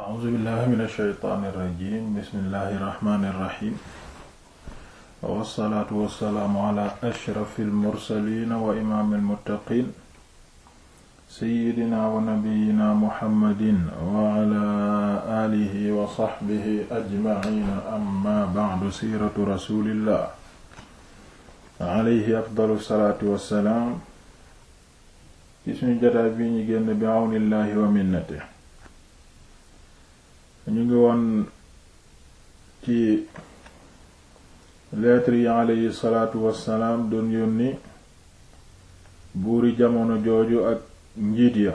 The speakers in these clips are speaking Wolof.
a'uuzu billahi min alsheytaan irrajim bismillahi irrahmani irrahim wassalaatu wassalaamu ala ashrafi almursalina wa imaami almuttaqin seyidina wa nabiyina muhammadin wa ala aalihi wa saxbihi ajmaciina amma bacdu siiratu rasulillah alayhi afdalu salaatu wassalaam ci suñu jataay bi ñu génn bi awnillahi wa minnatihi ñu ngi woon ci lettre yi aleyhi salaatu wassalaam doon yónni buuri jamono jooju ak njiit ya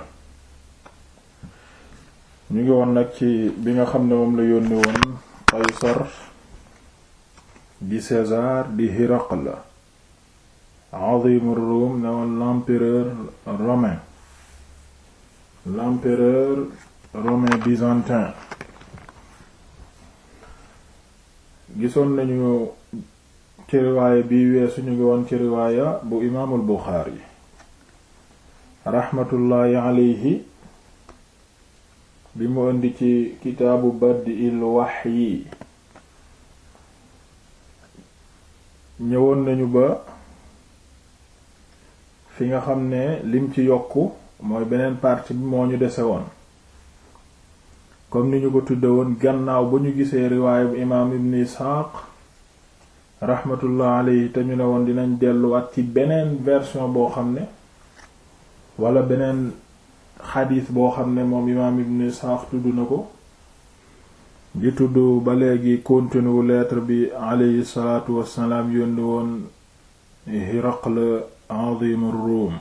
ñu ngi woon nag ci bi nga xam ne moom la yónni woon Qaysar di César di la azim Rome ne woon l'empereur romain l'empereur romain byzantin gisoon nañu ci riwaaya bii weesu ñu ngi woon ci riwaaya bu imaamul Buxaari raxmatullaahi alayhi bi mu indi ci kitaabu bad'il wahyi ñëwoon nañu ba fi nga xam ne lim ci yokk mooy beneen partie bi moo ñu dese woon comme ni ñu ko tudde woon gannaaw ba ñu gisee riwaaya bu imaam ibn isxaaq rahmatullah alayhi te ñu ne woon dinañ delluwaat ci beneen version boo xam ne wala beneen xadiis boo xam ne moom imaam ibn isxaaq tudd na ko di tudd ba léegi continue leetre bi alayhi salaatu wassalaam yónni woon hiraqla azimur ruum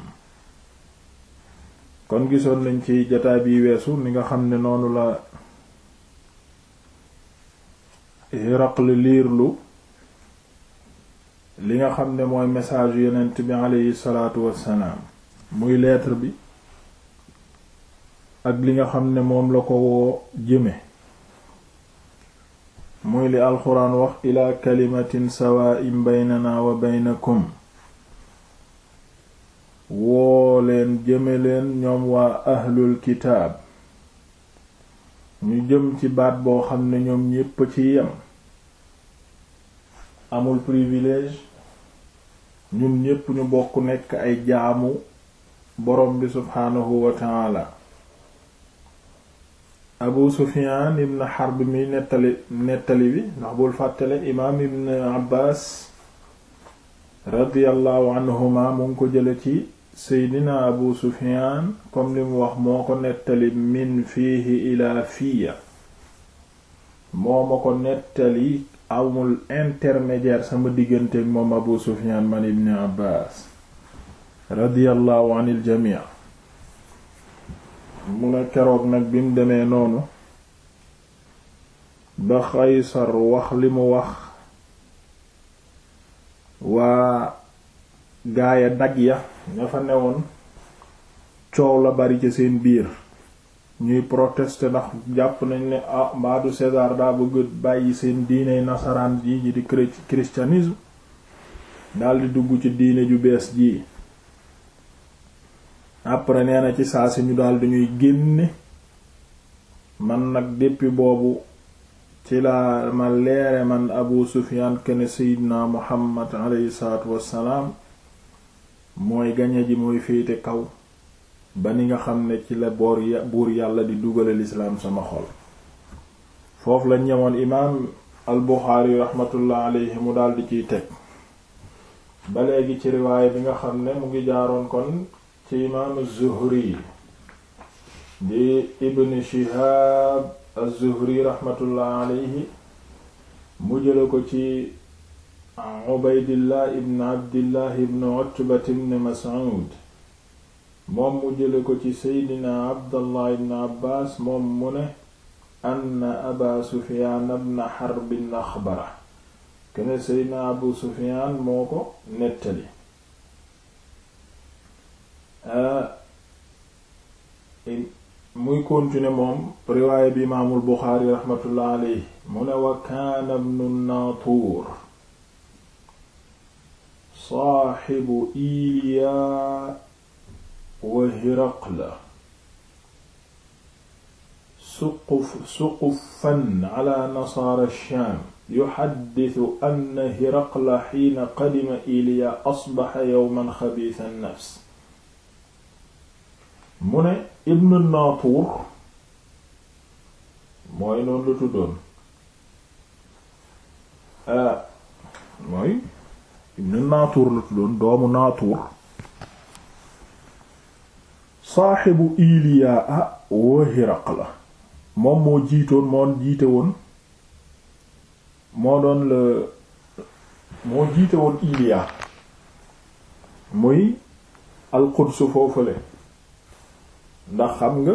kon gisoon nañ ci jataay bi weesu ni nga xam ne noonu la liir lu li nga xam ne mooy message yonent bi aleyhi wassalaam muy lettre bi ak li nga xam ne moom la ko woo jëme muy li alxuraan wax ila kalimatin sawaa'in baynana wa baynakum woo leen jëme leen ñoom waa ahlul kitaab ñu jëm ci baat boo xam ne ñoom ñépp ci yem amul privilège ñun ñépp ñu bokk nekk ay jaamu borom bi subhaanahu wa taala abu sufiyaan ibn harb mi nettali nettali bi ndax bul fàttale imaam ibn abbaas radiyallahu anhuma mu ko jële ci seydina abu sufiyaan comme li mu wax moo ko nettali min fiihi ilaa fiya moo ma ko nettali amul intermédiaire sama diggante moom abu sufiyaan man ibni abbaas radiyallahu anil jamii mu keroog nag bim demee noonu ba xaysar wax li wax waa gaaya dag ya ña fa newoon coow la bari ca seen biir ñuy protester ndax jàpp nañu ne ah mbaadu César daa bëgg bàyyi seen diiney nasaraan ji ji di christianisme daldi dugg ci diine ju bees ji après nee na ci saa si ñu daldi ñuy génne man nag depuis boobu ci laa ma leere man abu sufiyaan kene seydina muhammad aleyhi salaatu wassalaam mooy gañe ji mooy féete kaw ba ni nga xam ne ci la boor buur yàlla di dugale lislaam sama xol foofu la ñëwoon imaam al buxaari raxmatullah mu daldi ciy teg ba léegi ci riwaaya bi nga xam ne mu ngi jaaroon kon ci imaam zuhri di ibn shihaab az-Zuhri raxmatullah alayhi mu jële ko ci Ubaydillah ibn Abdillah ibn Utbah ibn Mas'ud moom mu jële ko ci Seydina Abdallah ibn Abbas moom mu ne anna Aba Sufyaan ibn Harb axbara kene Seydina Abu Sufyaan moo ko nettali eh, muy continuer moom riwaaya bi imaamul Buxaari raxmatullah alayhi mu ne wa kaana ibnu naatuur saaxibu Iliya wa Hiraqla suquf suqufan ala nasaara Shaam yuxaddisu anna Hiraqla xiina qadima Iliya asbaxa yawman xabiisa nafs mu ne ibn Natur mooy noonu la tuddoon euh, mooy ibn Natur la tuddoon doomu Natur saaxibu Iliyaa wa Hiraqla moom moo jiitoon moo jiite woon moo doon la moo jiite woon Iliyaa muy al-Quds foofale ndax xam nga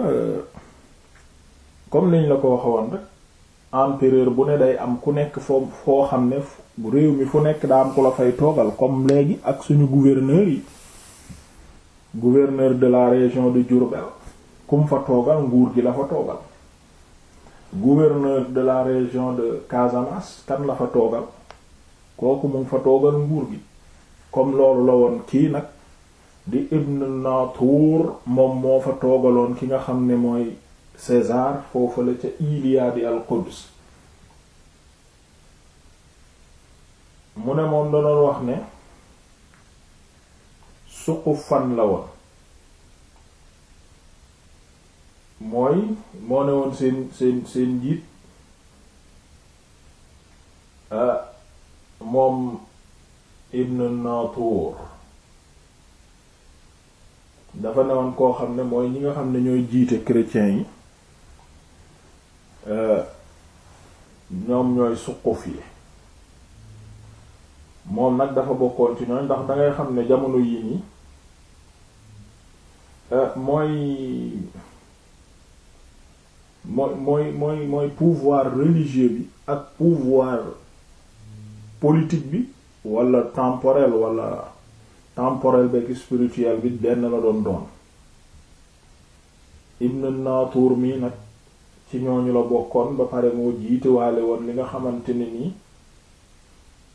comme niñ la ko woon rek empereur bu ne day am ku nekk foo foo xam ne réew mi fu nekk daa am ku la fay toogal comme léegi ak suñu gouverneur yi gouverneur de la région de Diourbel kum fa toogal nguur gi la fa toogal gouverneur de la région de Casamance kan la fa toogal kooku mu ngi fa toogal nguur gi comme loolu la woon kii nag di Ibn Natur moom moo fa toogaloon ki nga xam ne mooy César foofu la ca Iliyaadi al-Quds mu ne moom da wax ne suqufan la woon mooy moo ne woon seen seen seen njiit ah, moom Ibn Natur dafa newoon koo xam ne mooy ñi nga xam ne ñooy jiite chrétiens yi euh, ñoom ñooy suquf yi moom nag dafa bokkoon ci ñooñ ndax dangay xam ne jamono yii nii euh, mooy mooy mooy mooy mooy pouvoir religieux bi ak pouvoir politique bi walla temporel walla temporel beeg spirituel bi benn la doon doon Ibn Natur mi nag ci ñooñu la bokkoon ba pare moo jiitewaale woon li nga xamante ne ni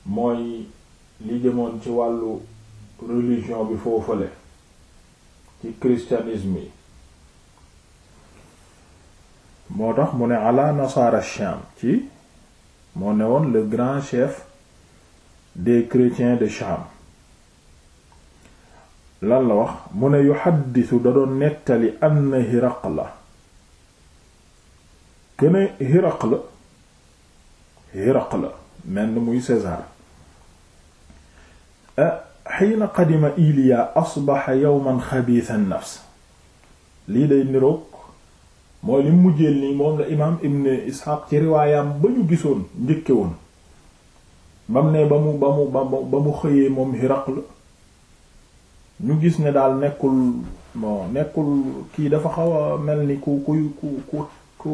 mooy li jëmoon ci wàllu religion bi foofale ci christianisme yi moo tax mu ne ala nasara Sham ci moo ne woon le grand chef des chrétiens de Sham lan la wax mu ne yuxaddisu da doon nettali am anna la kene la Hiraqla la ni muy César ah, xiina qadima Iliya asbaxa yowman xabiisa nafs lii day niroog mooy li mujjeel nii moom la imaam Ibn Isxaaq ci riwaayam ba ñu gisoon njëkke woon bam ne ba mu ba mu ba mu xëyee moom Hiraqla ñu gis ne daal nekkul bon nekkul kii dafa xaw a mel ni ku ku ku ku ku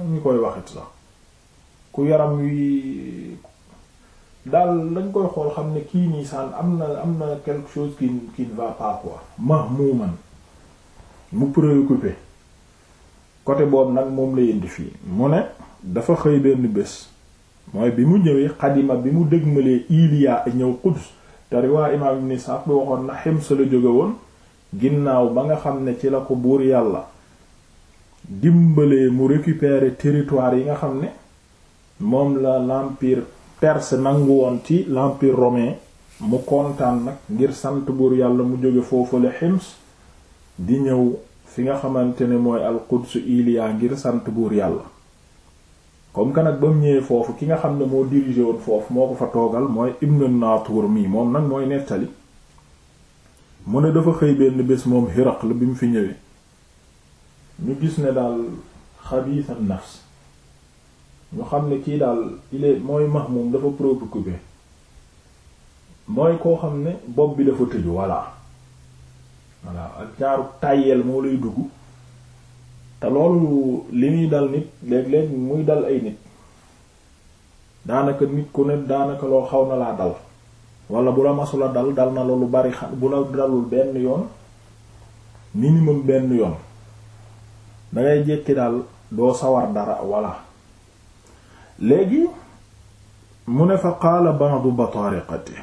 ñu koy waxit sax ku yaram wi daal lañ koy xool xam ne kii nii saan am na am na quelque chose qui qui ne va pas quoi mahmuman mu préoccupé côté boobu nag moom la yënd fii mu ne dafa xëy benn bés mooy bi mu ñëwee xadima bi mu dëgmalee Iliya ñëw Quds te riwaa imaam ibn Isxaaq bi waxoon na Hims la jóge woon ginnaaw ba nga xam ne ci la ko buur yàlla dimbalee mu récupérer territoire yi nga xam ne moom la l'empire perse nangu woon ci l'empire romin mu kontaan nag ngir sant buur yàlla mu jóge foofu la xims di ñëw fi nga xamante ne mooy al Quds Iliya ngir sant buur yàlla comme que nag ba mu ñëwee foofu ki nga xam ne moo dirigé woon foofu moo ko fa toogal mooy Ibnu Naatuur mii moom nag mooy nettali mu ne dafa xëy benn bés moom la bi mu fi ñëwee ñu gis ne daal xabiis an nafs ñu xam ne kii daal il est mooy mahmum dafa préoccupé mooy koo xam ne bopp bi dafa tëju voilà voilà ak ñaaru tàyyeel moo lay dugg te loolu li muy dal nit léeg-léeg muy dal ay nit daanaka nit ku ne daanaka loo xaw na laa dal wala bu la masula dal dal na la lu bari xam bu la dalul benn yoon minimum benn yoon dangay jekki daal doo sawar dara wala léegi mu ne fa qaala ba'du batariqati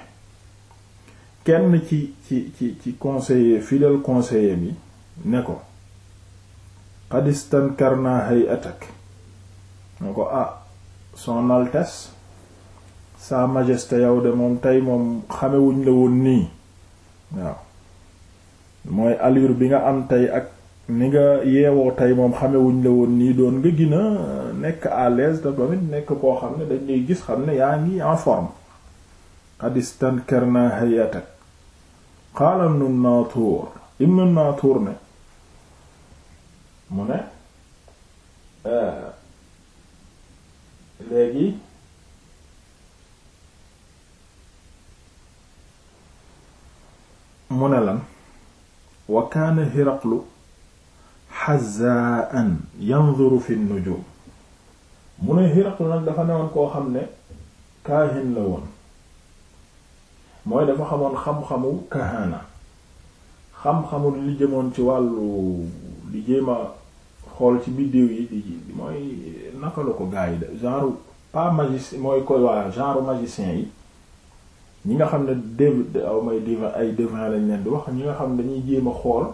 kenn ci ci ci ci conseiller fidèle conseiller bi ne ko qad istankarna hayatak na ko ah son altesse sa majesté yow de moom tey moom xamewuñ la woon nii waaw mooy allure bi nga am tey ak ni nga yeewoo tey moom xamewuñ la woon nii doon nga gën nekk à l'aise te tamit nekk koo xam ne dañ lay gis xam ne yaa ngi en forme qad istankarna hayatak qaala ibn Natur ibn Natur ne mu ne ah, léegi mu ne lan wa kaana hiraqlu xazaan yanzuru fi nujum mu ne hiraqlu nag dafa newoon koo xam ne kaahin la woon mooy dafa xamoon xam-xamu kahaana xam-xamul li jëmoon ci wàllu di xool ci biddew yi di mooy naka la ko gaa yi de genre pas magicien mooy koy waa genre magicien yi ñi nga xam ne dév aw may divin ay devin lañ leen di wax ñi nga xam ne dañuy jéem a xool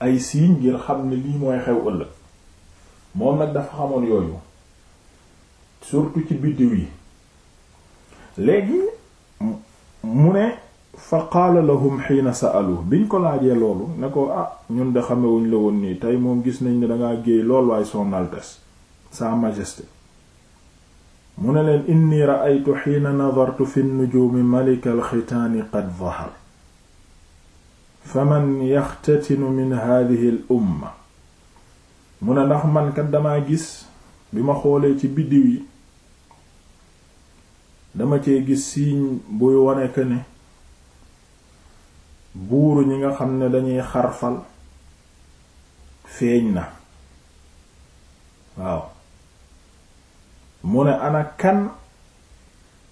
ay signes ngir xam ne lii mooy xew ëllëg moom nag dafa xamoon yooyu surtout ci biddew yi léegi mu ne fa qaala lahum xiina sa'aluhu biñ ko laajee loolu ne ko ah ñun de xamewuñ la woon nii tey moom gis nañ ne dangaa géey lool waaye son altesse sa majesté mu ne leen inni ra'aytu xiina nadartu fi nujuumi malika alxitaani qad dahar faman yaxtatinu min hadihi al umma mu ne ndax man kat damaa gis bi ma xoolee ci biddiw yi dama cee gis siiñ buy wone ne buuru ñi nga xam ne dañuy xarfal feeñ na waaw mu ne ana kan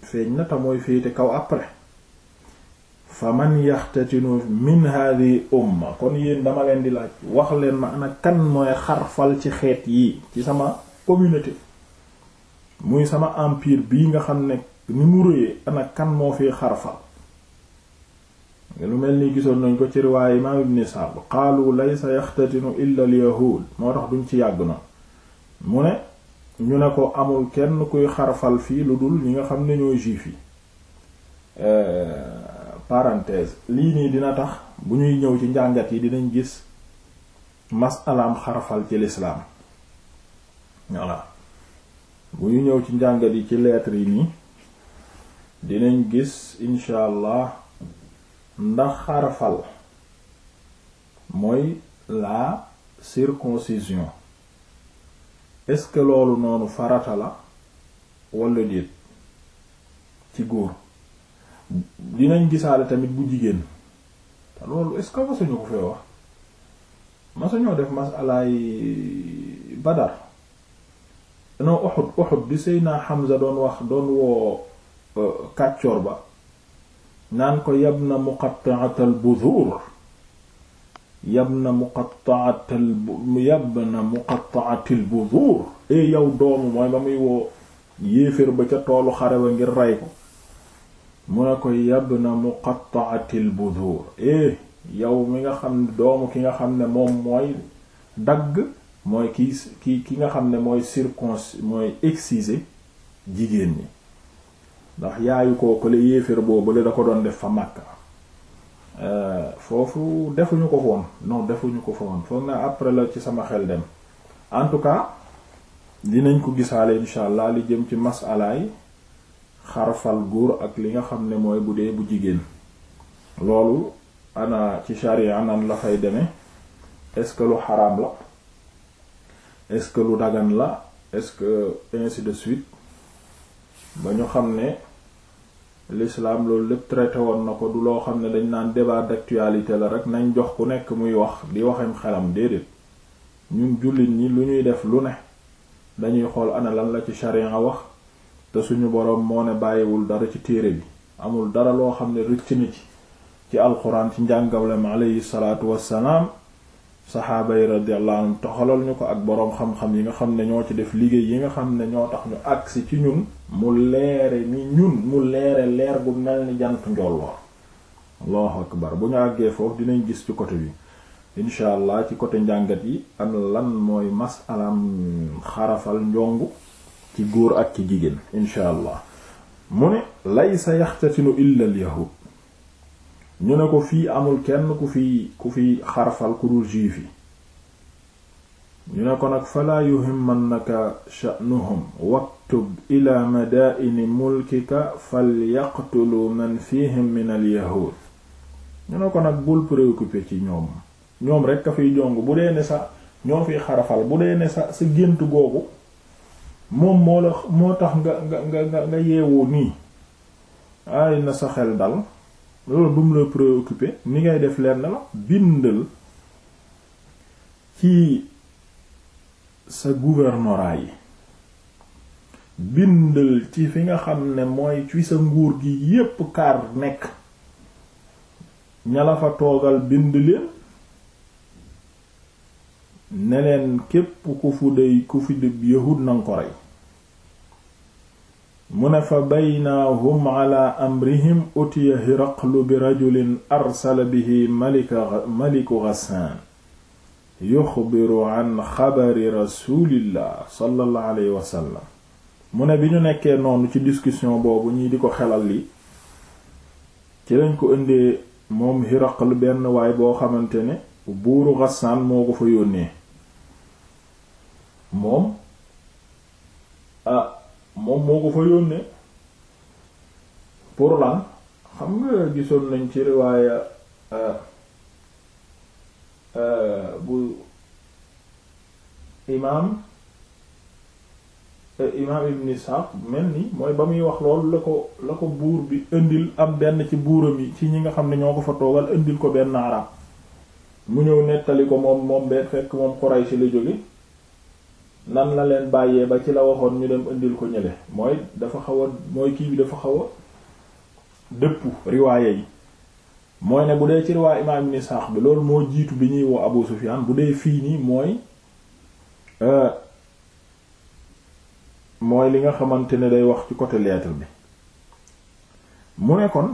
feeñ na te mooy féete kaw après fa man yaxtatinu min hadhihi umma kon yéen dama leen di laaj wax leen ma ana kan mooy xarfal ci xeet yi ci sama communauté muy sama empire bii nga xam ne ni mu réyee ana kan moo fiy xarfal lu mel ni gisoon nañ ko ci riwaaya imaam ibn Isxaaq qaalu laysa yaxtatinu illa al yahuud moo tax duñ ci yàgg na mu ne ñu ne ko amul kenn kuy xarfal fii lu dul ñi nga xam ne ñooy juif yi euh, parenthèse lii nii dina tax bu ñuy ñëw ci njàngat yi dinañ gis masalaam xarfal ci lislaam voilà bu ñu ñëw ci njàngat yi ci lettre yi nii dinañ gis incha ndax xarafal mooy la circoncision est-ce que loolu noonu farata la walla déet ci góor dinañ gisaale tamit bu jigéen te loolu est-ce que ko fee wax masuñoo def masalaay Badar non Uhud Uhud bi Seydina Hamza doon wax doon woo euh, kàccoor ba naan ko yab na muqattaatal budur yab na muqattaatal yab na muqattaatil budur e yow doomu mooy ba muy woo yéefér ba ca toolu xare ba ngir rey ko mu ne ko yab na muqattaatil budur e yow mi nga xam ne doomu ki nga xam ne moom mooy dagg mooy ki ki nga xam ne mooy circoncis mooy exciser jigéen ñi ndax yaayu koo kële boobu boobale da ko doon def fa Makka euh, foofu defuñu ko woon non defuñu ko fa woon foog na après la ci sama xel dem en tout cas dinañ ko gisaale insha allah li jëm ci masalaay xarfal góor ak li nga xam ne mooy bu dee bu jigéen loolu ana ci sharia nan la fay demee est-ce que lu xaraam la est-ce que lu dagan la est-ce que ainsi de suite ba ñu xam ne l'islam loolu lépp traité woon na ko du loo xam ne dañ naan débat d'actualité la rek nañ jox ku nekk muy wax di waxem xelam déedéet ñun jullit ñi lu ñuy def lu ne dañuy xool ana lan la ci charia wax te suñu boroom moo ne bàyyiwul dara ci téere bi amul dara loo xam ne rëcc na ci ci alxuraan ci njàngalem aleyhi salaatu wassalaam saxaaba yi radiyallahu anhum toxalal ñu ko ak boroom xam-xam yi nga xam ne ñoo ci def liggéey yi nga xam ne ñoo tax ñu agsi ci ñun mu leere ni ñun mu leere leer bu mel ni jant njolloor allahu akbar bu ñu àggee foofu dinañ gis ci côté bi incha allah ci côté njàngat yi am lan mooy masalaam xarafal njongu ci góor ak ci jigéen incha allah mu ne laysa yaxtatinu illa al ñu ne ko fii amul kenn ku fi ku fi xarafal ku dul juif yi ñu ne ko nag falaa yuhimmannaka sha'nuhum wa uktub ila madaini mulkika falyaqtulu man fihim min alyahud ñu ne ko nag bul préoccupé ci ñoom ñoom rekk a fiy jong bu dee ne sa ñoo fiy xarafal bu dee ne sa sa gént googu moom moo la moo tax nga nga nga nga yeewoo nii ay na sa xel dal loolu bu mu la préoccupé ni ngay def lenn la bindal ci sa gouvernorat yi bindal ci fi nga xam ne mooy ci sa nguur gi yépp kaar nekk ña la fa toogal bind leen ne leen képp ku fu fi dib yahud nanga ko mu ne fa baynaahum ala amrihim utiya hiraqlu bi rajulin arsala bihi malika maliku ghassan yuxbiru an xabari rasulillah sallallahu alayhi wa sallam mu ne bi ñu nekkee noonu ci discussion boobu ñii di ko xelal li ci lañ ko indee moom Hiraql benn waay boo xamante ne buuru Ghassan moo ko fa yónnee moom moom moo ko fa yónnee pour lan xam nga gisoon lañ ci riwaaya bu imaam imaam ibn Isxaaq mel ni mooy ba muy wax lool la ko la ko buur bi indil am benn ci buuram yi ci ñi nga xam ne ñoo ko fa toogal indil ko benn araab mu ñëw nettali ko moom moom benn fekk moom Quraysh la jóge nan la leen bàyyee ba ci la waxoon ñu dem indil ko ñële mooy dafa xaw a mooy kii bi dafa xaw a dëpp riwaaye yi mooy ne bu dee ci riwaay imaam ibn bi loolu moo jiitu bi ñuy woo Abu Sufyaan bu dee fii nii mooy euh, mooy li nga xamante ne day wax ci côté lettre bi mu ne kon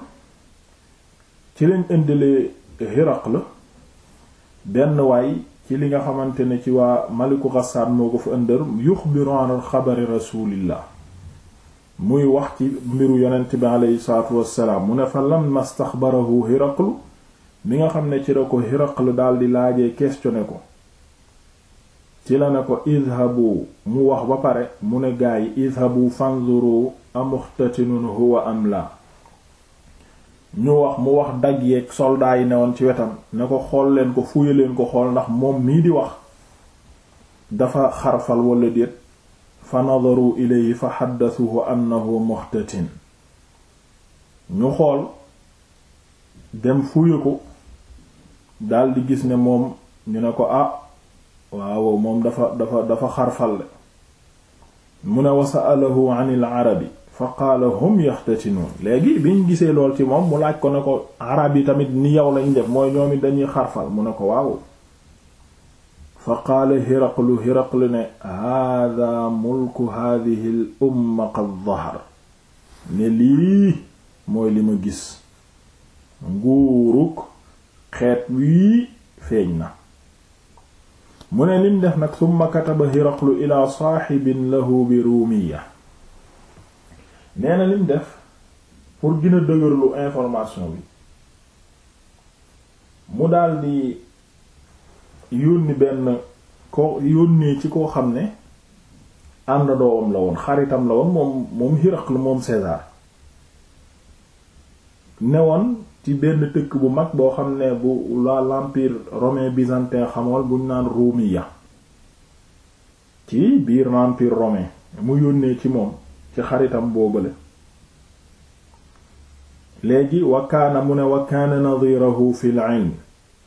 ci lañ indilee Hiraql la benn waay ci li nga xamante ne ci waa maliku Ghassan moo ko fa ëndër yuxbiru an xabari rasulillah muy wax ci mbiru yonent bi aleyhi salaatu wassalaam mu ne fa lamma staxbarahu Hiraqlu mi nga xam ne ci la ko Hiraql dal di laajee questionné ko ci la ne ko idhabu mu wax ba pare mu ne gaa yi idhabu fanzuru amuxtatinun huwa am la ñu wax mu wax dagg yeeg soldat yi newoon ci wetam ne ko xool leen ko fuye leen ko xool ndax moom mii di wax dafa xarfal wala déet fa nadaru ilayhi fa xaddasuhu annahu muxtatin ñu xool dem fuye ko daldi gis ne moom ñu ne ko ah waaw moom dafa dafa dafa xarfalle mu ne wa sa'alahu anil arabi fa qaala hum yaxtatinuun léegi biñ gisee lool ci moom mu laaj ko ne ko arab yi tamit ni yow lañ def mooy ñoom it dañuy xarfal mu ne ko waaw fa qaala hiraqlu hiraqlu ne hada mulku hadihi l umma qad dahar ne lii mooy li ma gis nguurug xeet wii feeñ na mu ne lim def nag summa kataba hiraqlu ila saaxibin lahu bi ruumiya nee na lim def pour gën dëgërlu information bi mu daldi yónni benn ko yónnee ci koo xam ne ànd doowam la woon xaritam la woon moom hiraqlu moom César ne woon ci benn dëkk bu mag boo xam ne bu la l'empire romain byzantin xamool buñ naan Roumia ci biir l'empire romain mu yónnee ci moom ci xaritam boobale léegi wa kaana mu ne wa kaana nadirahu fil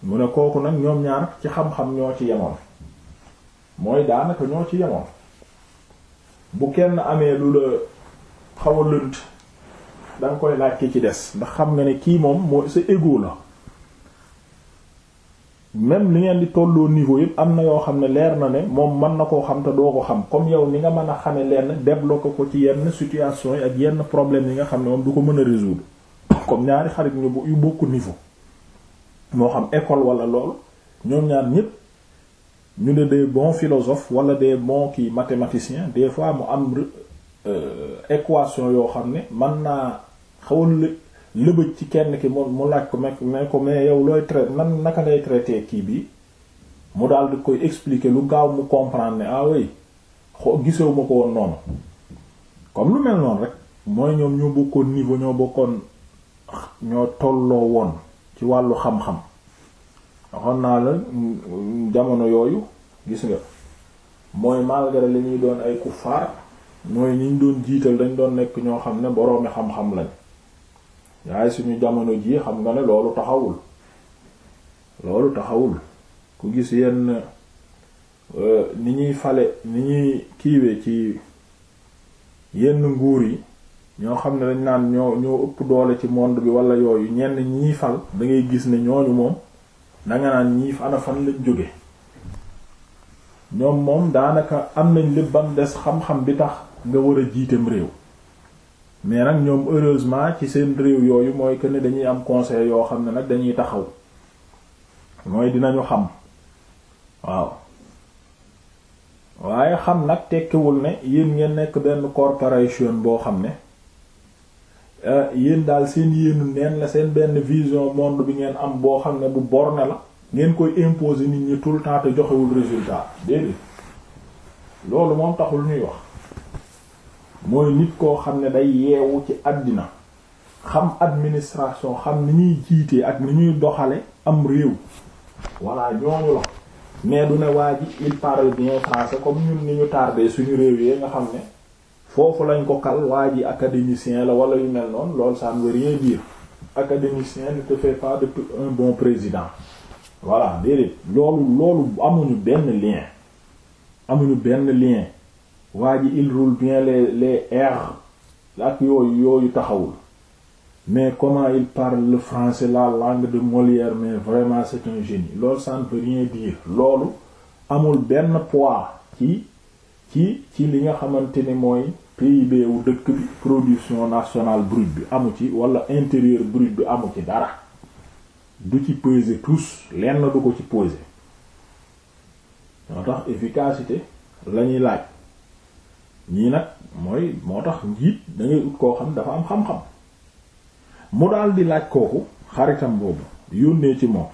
mu ne kooku nag ñoom ñaar ci xam-xam ñoo ci yemoon mooy daanaka ñoo ci yemoon bu kenn amee lu la xaw da nga koy laaj ci des ndax xam nga ne kii moom moo sa égo la même li ngeen di tolloo niveau yëpp am na yoo xam ne leer na ne moom mën na koo xam te doo ko xam comme yow ni nga mën a xame lenn débloquer ko ci yenn situation yi ak yenn problème yi nga xam ne moom du ko mën a résoudre comme ñaari xarit ñu yu bokku niveau moo xam école wala loolu ñoom ñaar ñëpp ñu ne des bon philosophes wala des bons kii mathématiciens des fois mu am euh, équation yoo xam ne mën xawoon lë lëbëj ci kenn ki mu mu laaj ko mekk ne ko mais yow looy traité nan naka ngay traité kii bi mu daal di koy expliquer lu gaaw mu comprendre ne ah oui xo gisewu ko woon noonu comme lu mel noonu rek mooy ñoom ñoo bokkoon niveau ñoo bokkoon tolloo woon ci wàllu xam-xam waxoon naa la jamono yooyu gis nga mooy malgré li ñuy doon ay kuffaar mooy ñu doon jiital dañ doon nekk ñoo xam ne boroomi xam-xam lañ yaay suñu jamono jii xam nga ne loolu taxawul loolu taxawul ku gis yenn euh, ni ñuy fale ni ñuy kiiwee ci yenn nguur yi ñoo xam ne dañ naan ñoo ñoo ëpp doole ci monde bi wala yooyu ñenn ñii fal dangay gis ne ñooñu moom danga naan ñii ana fan lañ jóge ñoom moom daanaka am nañ lépp bam des xam-xam bi tax nga war a jiiteem réew mais nag ñoom heureusement ci seen réew yooyu mooy que ne dañuy am conseil yoo xam ne nag dañuy taxaw mooy dinañu xam waaw waaye xam nag tekkiwul ne yéen ngeen nekk benn corporation boo xam ne eh, yéen daal seen yéenu neen la seen benn vision monde bi ngeen am boo xam ne bu borne la ngeen koy imposer nit ñi tout le temps te joxewul résultat déedéet loolu moom taxul ñuy wax mooy nit koo xam ne day yeewu ci àddina xam administration xam ni ñuy jiite ak ni ñuy doxale am réew voilà ñooñu la mais du ne waa ji il parle bien français comme ñun ni ñu tardé suñu réew yee nga xam ne foofu lañ ko kal waa ji académicien la wala yu mel noonu loolu ça ne veut rien dire académicien ne te fait pas de un bon président voilà déedéet loolu loolu amuñu benn lien amuñu benn lien waa ji il roule bien les les la ak yooyu yooyu taxawul mais comment il parle le francais la langue de Molière mais vraiment c'est un loolu ça ne veut loolu amul benn poids ci ci ci li nga xamante ni mooy PIB wu dëkk production nationale brute bi amu ci wala intérieur brut bi amu ci dara du ci peser tous lenn du ko ci peser ñoo tax efficacité lañuy laaj ñii nag mooy moo tax njiit dangay ut koo xam dafa am xam-xam mu daal di laaj kooku xaritam boobu yónnee ci moom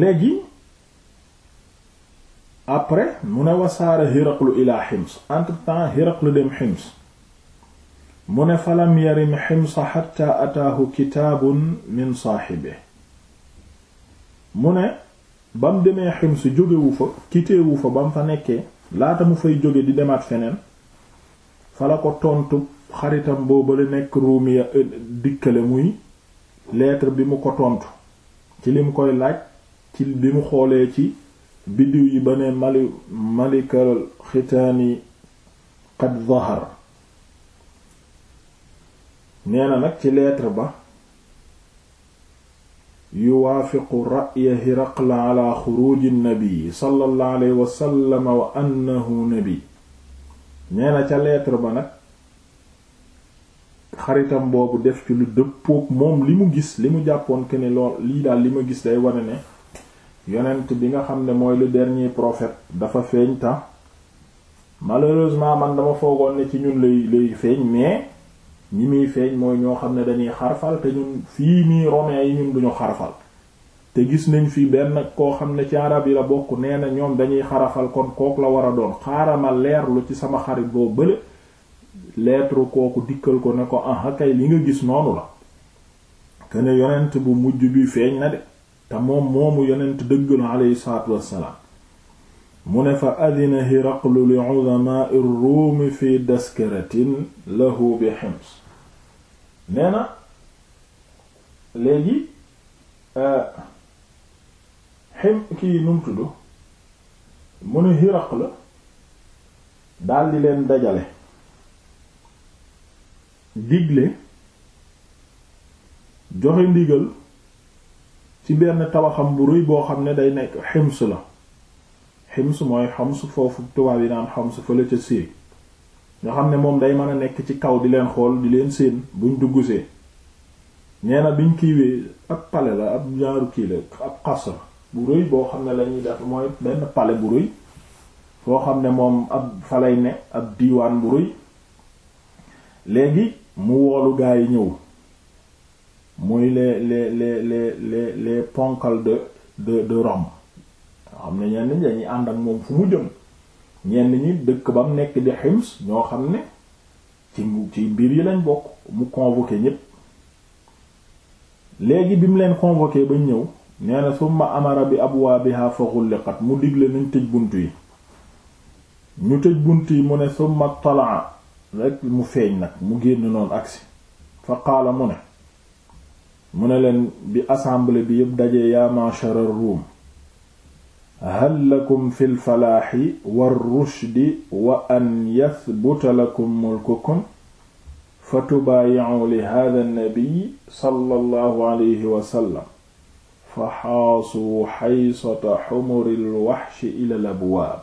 léegi après mu ne wasaara Hiraqlu ilaa Hims entre-temps Hiraqlu dem Hims mu ne falam yarim Hims hatta ataahu kitaabun min saahibi mu ne bam demee Hims jógewu fa kiteewu fa bam fa nekkee laata mu fay jóge di demaat feneen fa la ko tontu xaritam boobale nekk ruumiya eh, dikkale muy lettre bi mu ko tontu ci li mu koy laaj ci bimu xoolee ci biddiw yi ba ne mali malikal xitaani qad zahar nee na nag ci lettre ba yuwaafiqu ra'ya hiraqla ala xuruuji nabi sallallahu alayhi wa sallam nabi nee ca lettre ba nag xaritam boobu def ci lu dëppook moom li mu gis li mu jàppoon ke ne lool lii daal li ma gis day wane ne yonent bi nga xam ne mooy le dernier profet dafa feeñ ta malheureusement man dama foogoon ne ci ñun lay lay feeñ mais ñi muy feeñ mooy ñoo xam ne dañuy xarfal te ñun fii nii romains yi ñun duñu xarfal te gis nañ fi benn koo xam ne ci arab yi la bokk nee na ñoom dañuy xarafal kon kook la war a doon xaarama leerlu ci sama xarit boo bële lettre kooku dikkal ko ne ko ah, ah kay li nga gis noonu la kene yonent bu mujj bi feeñ na de te moom moomu yonent dëgg la aleyhi salaatu wassalaam mu ne fa adina hiraqlu li udamaa ruumi fi daskaratin lahu bi xims nee léegi xim euh, kii num tudd mu ne hiraqla daldi leen dajale digle joxe ndigal ci benn tabaxam bu ruy boo xam ne day nekk xims la xims mooy su foofu tubaab yi naan xams fële ca séeg nga xam ne moom day mën a nekk ci kaw di leen xool di leen séen buñ duggsee nee na biñ kiiwee ab pale la ab ñaaru kii la ab xasr bu rëy boo xam ne lañuy def mooy benn pale bu ruy foo xam ne moom ab falay ne ab diiwaan bu rëy léegi mu woolu gaa yi ñëw muy le le les les les les ponkal de de de xam ne ñenn ñi ànd ak moom fu mu jëm ñenn ñi dëkk ba nekk di Hims ñoo xam ne ci ci mbir yi lañ bokk mu convoqué ñépp léegi bi mu leen convoqué ba ñëw nee na summa amara bi abwaabiha fa ghulqat mu digle nañ tëj bunt yi ñu tëj bunt yi mu ne summa talaa rek mu feeñ nag mu génn noonu agsi fa qaala mu ne mu ne leen bi assemblée bi yépp dajee yaa ma'shar ar hal lakum fi lfalaaxi warrushdi wa an yathbuta lakum mulkukum fa tubaayicu li hada nnabiyi sallallahu alayhi wasallam fa xaasuu xaysata xumuri lwaxshi ila l abwaab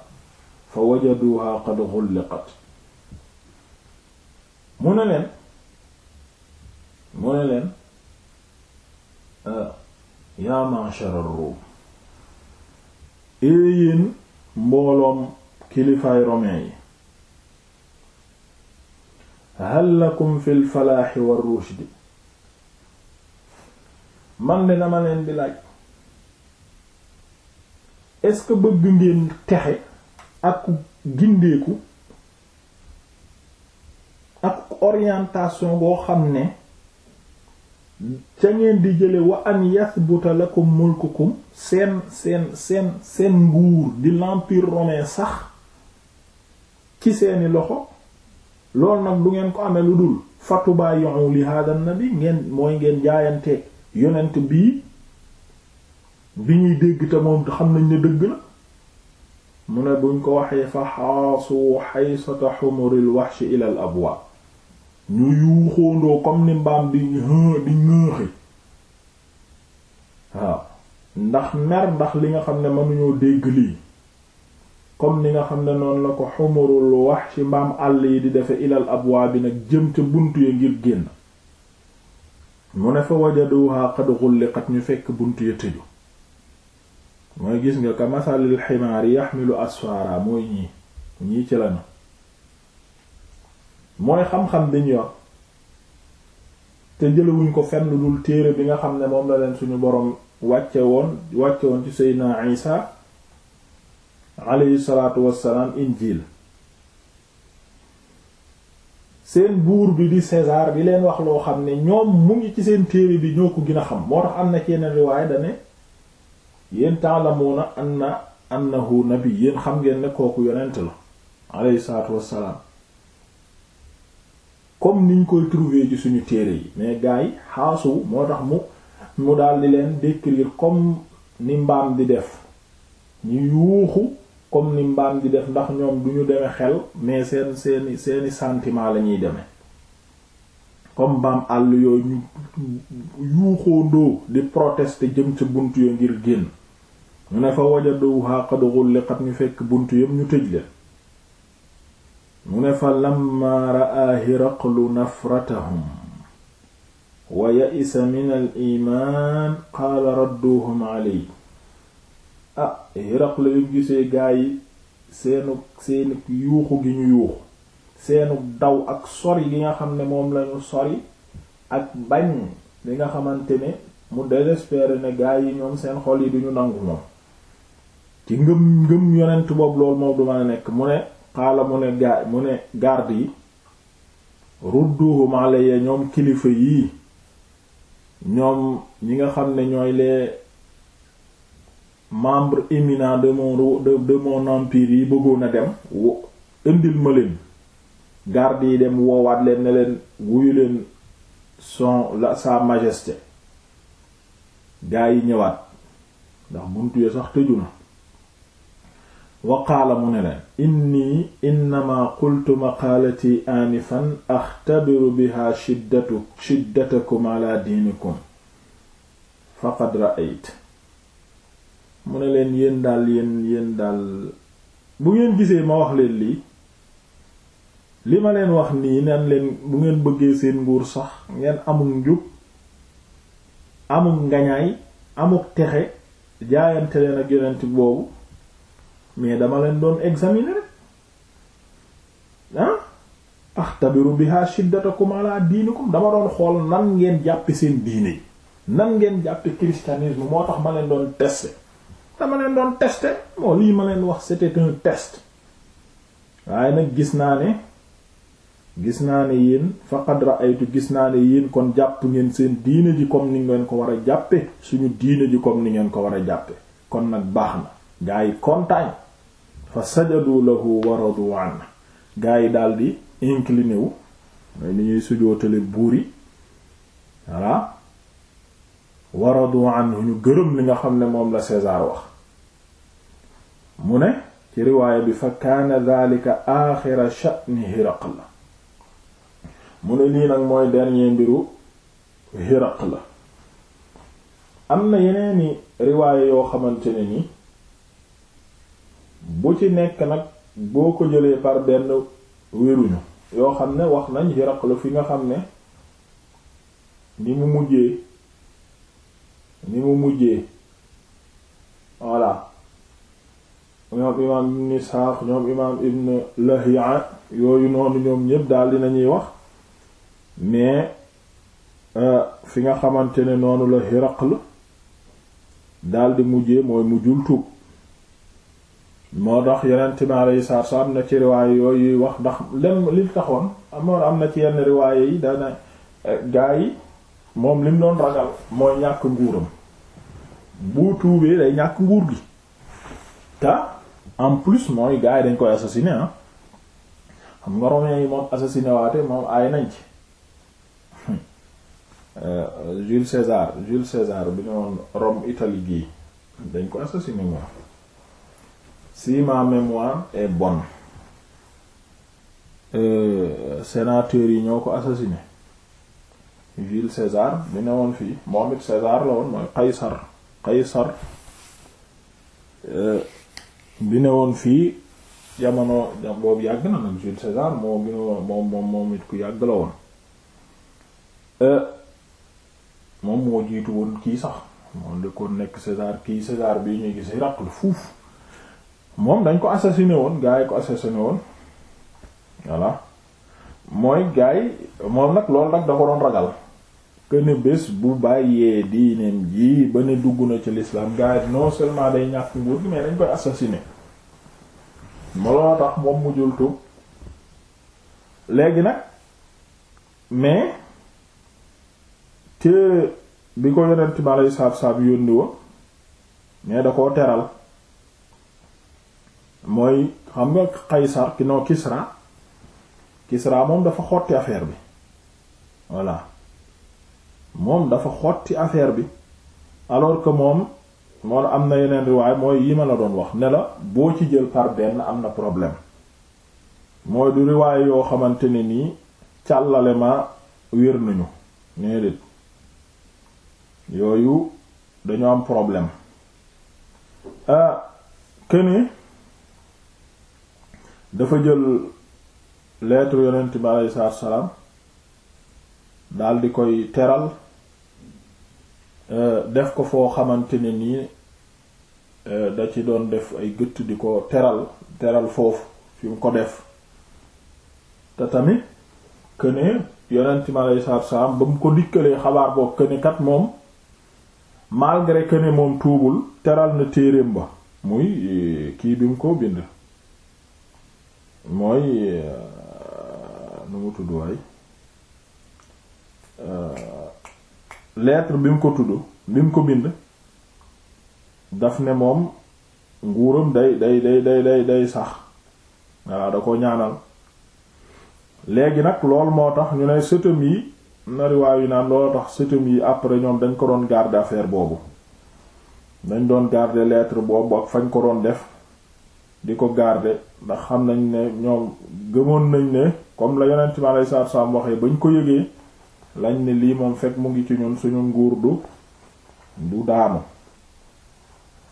fa wajaduuha qad xulliqat mu ne leen mu ne leen euh, yaa ma'shar ar-ruum yéen mbooloom kilifaay romain yi hal lakum fil falaaxi war rushdi man de dama leen di laaj est-ce que bëgg ngeen texe ak gindeeku ak orientation boo xam ne ca ngeen di jële wa an yathbuta lakum mulkukum seen seen seen seen nguur di l'empire romain sax ci seeni loxo loolu nag du ngeen ko amee lu dul fatubaayoo li hada bi ngeen mooy ngeen jaayante yonent bii bi ñuy dégg te moom xam nañ ni dëgg la mu ne buñ ko waxee fa xaasu xaysata xumuril wahshi ila al ñu yuuxóondoo comme ni mbaam di di ŋëexi waaw ndax mer ndax li nga xam ne mënuñoo dégg lii comme ni nga xam ne noonu la ko xumurul wax ci mbaam àll yi di defe ilal abwaa bi nag jëm ca bunt ya ngir génn mu ne fa wajaduha qad ghulqat ñu fekk bunt ya tëju mooy gis nga ka masalil ximaari yaxmilu asfara mooy ñii ñii ci la mooy xam-xam bi yor te jëlewuñ ko fenn téere bi nga xam ne moom la leen suñu boroom wàcce woon wàcce woon ci seydina isa aleyhi salaatu wassalaam injil seen buur bi di César bi leen wax loo xam ne ñoom mu ngi ci seen téere bi ñoo ko gën xam moo tax am na ci yeneen riwaay da ne yéen ta'lamuna anna annahu nabi yéen xam ngeen ne kooku yonent la aleyhi wassalaam comme niñ koy trouver ci suñu téere yi mais gars yi xaasu moo tax mu mu daal di leen décrire comme ni mbaam di def ñu yuuxu comme ni mbaam di def ndax ñoom duñu demee xel mais seen seeni seeni sentiment la ñuy demee comme mbaam àll yooyu ñu yuuxoondoo di protester jëm ca bunt yo ngir génn ñu ne fa wajadu haqad ghulqat ñu fekk bunt yëpp ñu tëj leen mu ne fa lamma ra'a hiraqlu nafratahum wa ya'isa min al iman qaala radduhum aley ah hiraqlu yu gisee gaa yi seenu seenu yuuxu gi ñu yuuxu seenu daw ak sori gi nga xam ne moom lañu sori ak bañ li nga xamante ne mu désespéré ne gaa yi ñoom seen xol yi duñu nangu moom ci ngëm ngëm yonent boobu loolu moom du mën nekk mu ne xaala mu ne gaa mu ne garde yi rudduhum alayya ñoom kilifa yii ñoom ñi nga xam ne ñooy les membres éminents de mon de mon empire yi bëggoon a dem wo indil ma leen garde yi dem woowaat leen ne leen wuyu leen son la sa majesté gaa yi ñëwaat ndax buntu ya sax tëju na waqaala mu ne leen inni innama qultu maqaalati aanifan axtabiru biha shiddatu shiddatakum ala diinikum faqad ra'ayt mu ne leen yéen daal yéen yéen daal bu ngeen gisee ma wax leen lii li ma leen wax nii naan leen bu ngeen bëggee seen nguur sax ngeen amul njub amul ngañaay amul texe jaayante leen ak yonent boobu mais dama leen doon examiner ah axtabiru biha shiddatakum ala diinikum dama doon xool nan ngeen jàppe seen diine yi nan ngeen jàppe christianisme moo tax ma leen doon tester dama leen doon teste moo lii ma leen wax sete un test waaye nag gis naa ne gis naa ne yéen faqad ra'aytu gis naa ne yéen kon jàpp ngeen seen diine ji comme ni ngeen ko war a jàppe suñu diine ji comme ni ngeen ko war a jàppe kon nag baax na gaa yi kontaan fa sajadu lahu wa radu gaa yi daldi incliné wu mooy ni ñuy sujootale buur yi voilà wa radu anhu ñu gërëm li nga xam ne moom la César wax mu ne ci riwaaya bi fa kaana dhalika aaxira sha'ni Hiraqla mu ne lii nag mooy dernier mbiru Hiraqla am na yeneeni riwaaya yoo xamante ne ni bu ci nekk nag boo ko jëlee par benn wéruñu yoo xam ne wax nañ Hiraqlu fi nga xam ne ni mu mujjee ni mu mujjee voilà ñoom imaam ibn Isxaaq ñoom imaam ibn Lahiya yooyu noonu ñoom ñépp daal dinañuy wax mais euh, fi nga xamante ne noonu la Hiraql daal di mujjee mooy mujjul tuub moo tax yeneen timaare yi saar sa am na ci riwaay yooyu wax ndax lem li taxoon amoon am na ci yenn riwaay yi dana eh, gaa yi moom lim doon ragal mooy ñàkk nguuram bu tuubee day ñàkk nguur gi te en plus mooy gaa yi dañ koy assassiné ah xam nga romain yi moom assassiné waate moom aay nañ ci eh, Jules César Jules César bi ñu woon Rome Italie gii dañ ko assassiné moom si ma mémoire et bon euh, sénateur yi ñoo ko assassiné Jules César bi ne woon fii moom it César la woon mooy Qaysar Qaysar euh, bi ne woon fii jamono boobu yàgg na nag Jules César moo gën moom moom it ku yàgg la woon euh, moom moo jiitu woon kii sax moom de ko nekk César kii César bii ñuy gis Hiraql fuuf moom dañ ko assassiné woon gaa yi ko assassiné woon voilà mooy gaa yi moom nag lool nag da ko doon ragal que ne bés bu bàyyee diineem ji ba ne dugg na ci l'islam gaa yi non seulement day ñàkk nguur gi mais dañ koy assassiné moloo tax moom mu jul tub léegi nag mais te bi ko yonent bi aleyhi salaatu salaam yónni woon mais da koo teral mooy xam nga Qaysar ki non Kisra Kisra moom dafa xotti affaire bi voilà moom dafa xotti affaire bi alors que moom moom am na yeneen riwaay mooy yi ma la doon wax ne la boo ci jël par benn am na problème mooy du riwaay yoo xamante ne nii càllale ma wér nañu nee déet yooyu dañu am problème ah que dafa jël lettre yonent bi aleyhi salaatu salaam dal di koy teral euh, def ko foo xamante ne nii euh, da ci doon def ay gëtt di ko teral teral foofu fi mu ko def te tamit këne yonent bi aleyhi salaatu salaam ba mu ko dikkalee xabaar boo këne kat moom malgré que ne moom tuubul teral na téereem ba muy euh, kii bi mu ko bind mooy euh, nu mu tudd waay euh, lettre bi mu ko tudd bi mu ko bind daf ne moom nguuram day day day day day day sax voilà da ko ñaanal léegi nag lool moo tax ñu ne sëtëm yi nariwaay yi naan looloo tax sëtëm yi après ñoom dañ ko doon garder affaire boobu dañ doon garder leetre boobu ak fañ ko doon def di ko garder ndax xam nañ ne ñoom gëmoon nañ ne comme la yonent bi alayhi salaatu salaam waxee bañ ko yëgee lañ ne lii moom fekk mu ngi ci ñun suñu nguur du du daanu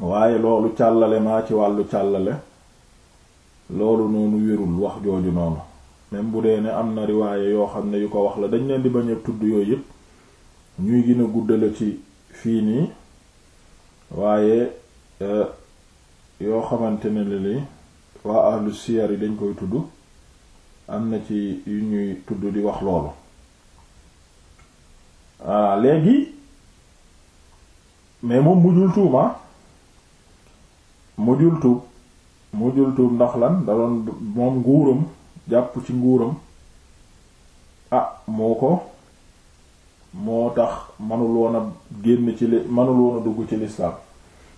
waaye loolu càllale maa ci wàllu càllale loolu noonu wérul wax jooju noonu même bu dee ne am na riwaaye yoo xam ne yu ko wax la dañ leen di bañ tudd yooyu yépp ñuy gën a guddale ci fii nii waaye euh, yoo xamante ne la li waa ahlu siyar yi dañ koy tudd am na ci yu ñuy tudd di wax loolu voilà ah, léegi mais moom mujjul tuuma ah. mujjul tuub mujjul tuub ndax lan da doon moom nguuram jàpp ci nguuram ah moo ko moo tax manul woon a génn ci li manul woon a dugg ci lislaam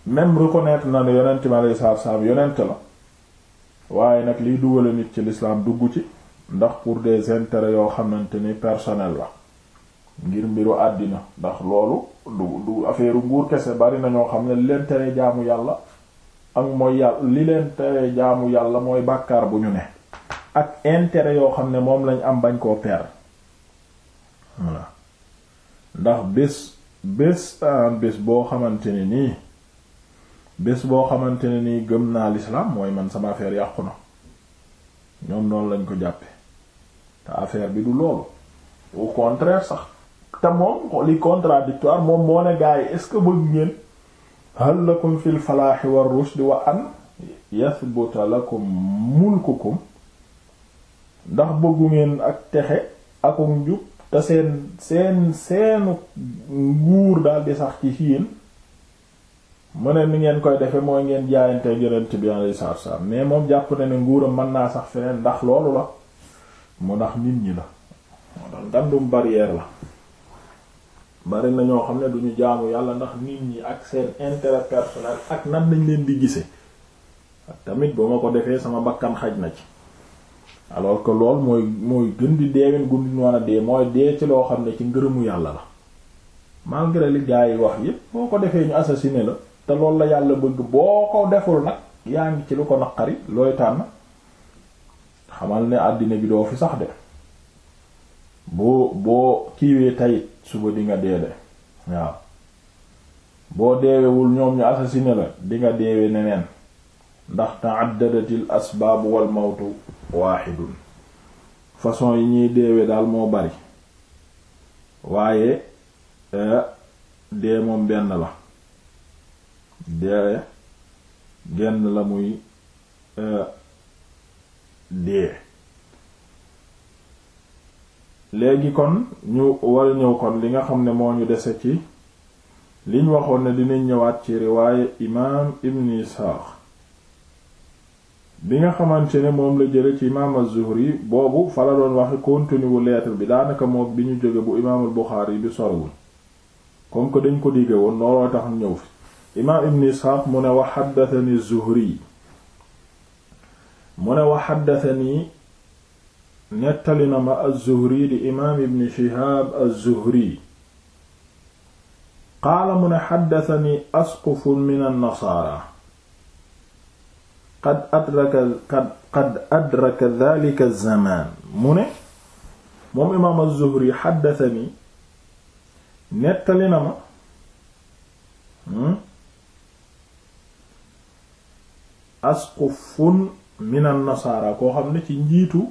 même reconnaître na ne yonent mi alayhi salaatu yonent la waaye nag liy dugale nit ci l'islam dugg ci ndax pour des intérêts yoo xamante ni personnel la ngir mbiru àddina ndax loolu du du nguur kese bari na ñoo xam ne li leen tere jaamu yàlla ak mooy yàlla li leen tere jaamu yàlla mooy bàkkaar bu ñu ne ak intérêt yoo xam ne moom lañ am bañ koo perdre ndax bés bés ah, bés boo xamante ni nii bés boo xamante ne ni gëm naa l'islam mooy man sama affaire yàqu ñoom noonu lañ ko jàppe te affaire bi du loolu au contraire sax te moom li contradictoire moom moo ne gars yi est-ce que bëgg ngeen hal lakum fil mulkukum ndax bëggu ngeen ak texe akum njub te seen seen seenu nguur daal di sax ci yeen mu ne ni ngeen koy defe mooy ngeen jaayante yonent bi alayhi salaatu salaam mais moom jàpp na ne nguuram mën naa sax feneen ndax loolu la mu ndax nit ñi la moo tax ngandum barrière la bari na ñoo xam ne duñu jaamu yàlla ndax nit ñi ak seen intérêt personnel ak nan lañ leen di gise tamit ba ma ko defee sama bakkan xaj na ci alors que lool mooy mooy gën di deewin gu nit war a dee mooy dee ci loo xam ne ci ngërëmu yàlla la malgré li gaa yi wax yépp boo ko defee ñu assassiné la te loolu la yàlla bëgg boo ko deful nag yaa ngi ci lu ko naqari looy tànn xamal ni àddina bi doo fi sax de boo boo kiiwee tayit suba di nga dee de waaw boo deewewul ñoom ñu assassiné la di nga deewe neneen ndax ta ta'addadatil asbaab wal mawtu waaxidun façon yi ñuy deewe daal moo bari waaye eh, dee moom benn la dee genn la muy e, dee léegi kon ñu war ñëw kon li nga xam ne moo ñu dese ci liñ waxoon ne dinañ ñëwaat ci riwaaye imaam ibn Isxaaq bi nga xamante ne moom la jële ci imaam az-Zuhri boobu fa la doon waxe contenu wu lettre bi daanaka moom bi ñu jóge bu imaamul Buxaari bi sorowul comme que dañ ko digge woon nooroo tax ñëw fi imaam ibn isxaaq mu ne wa xaddatani zuhri mu ne wa xaddatani nettali na ma az-zuhri di imaam ibn shihaab az-zuhri qaala mu ne xaddatani asqufun min an-nasaara qad adraka qad adraka daalika az-zamaan mu ne moom imaam az-zuhri xaddatani nettali na ma hmm? asqufun minan nasaara koo xam ne ci njiitu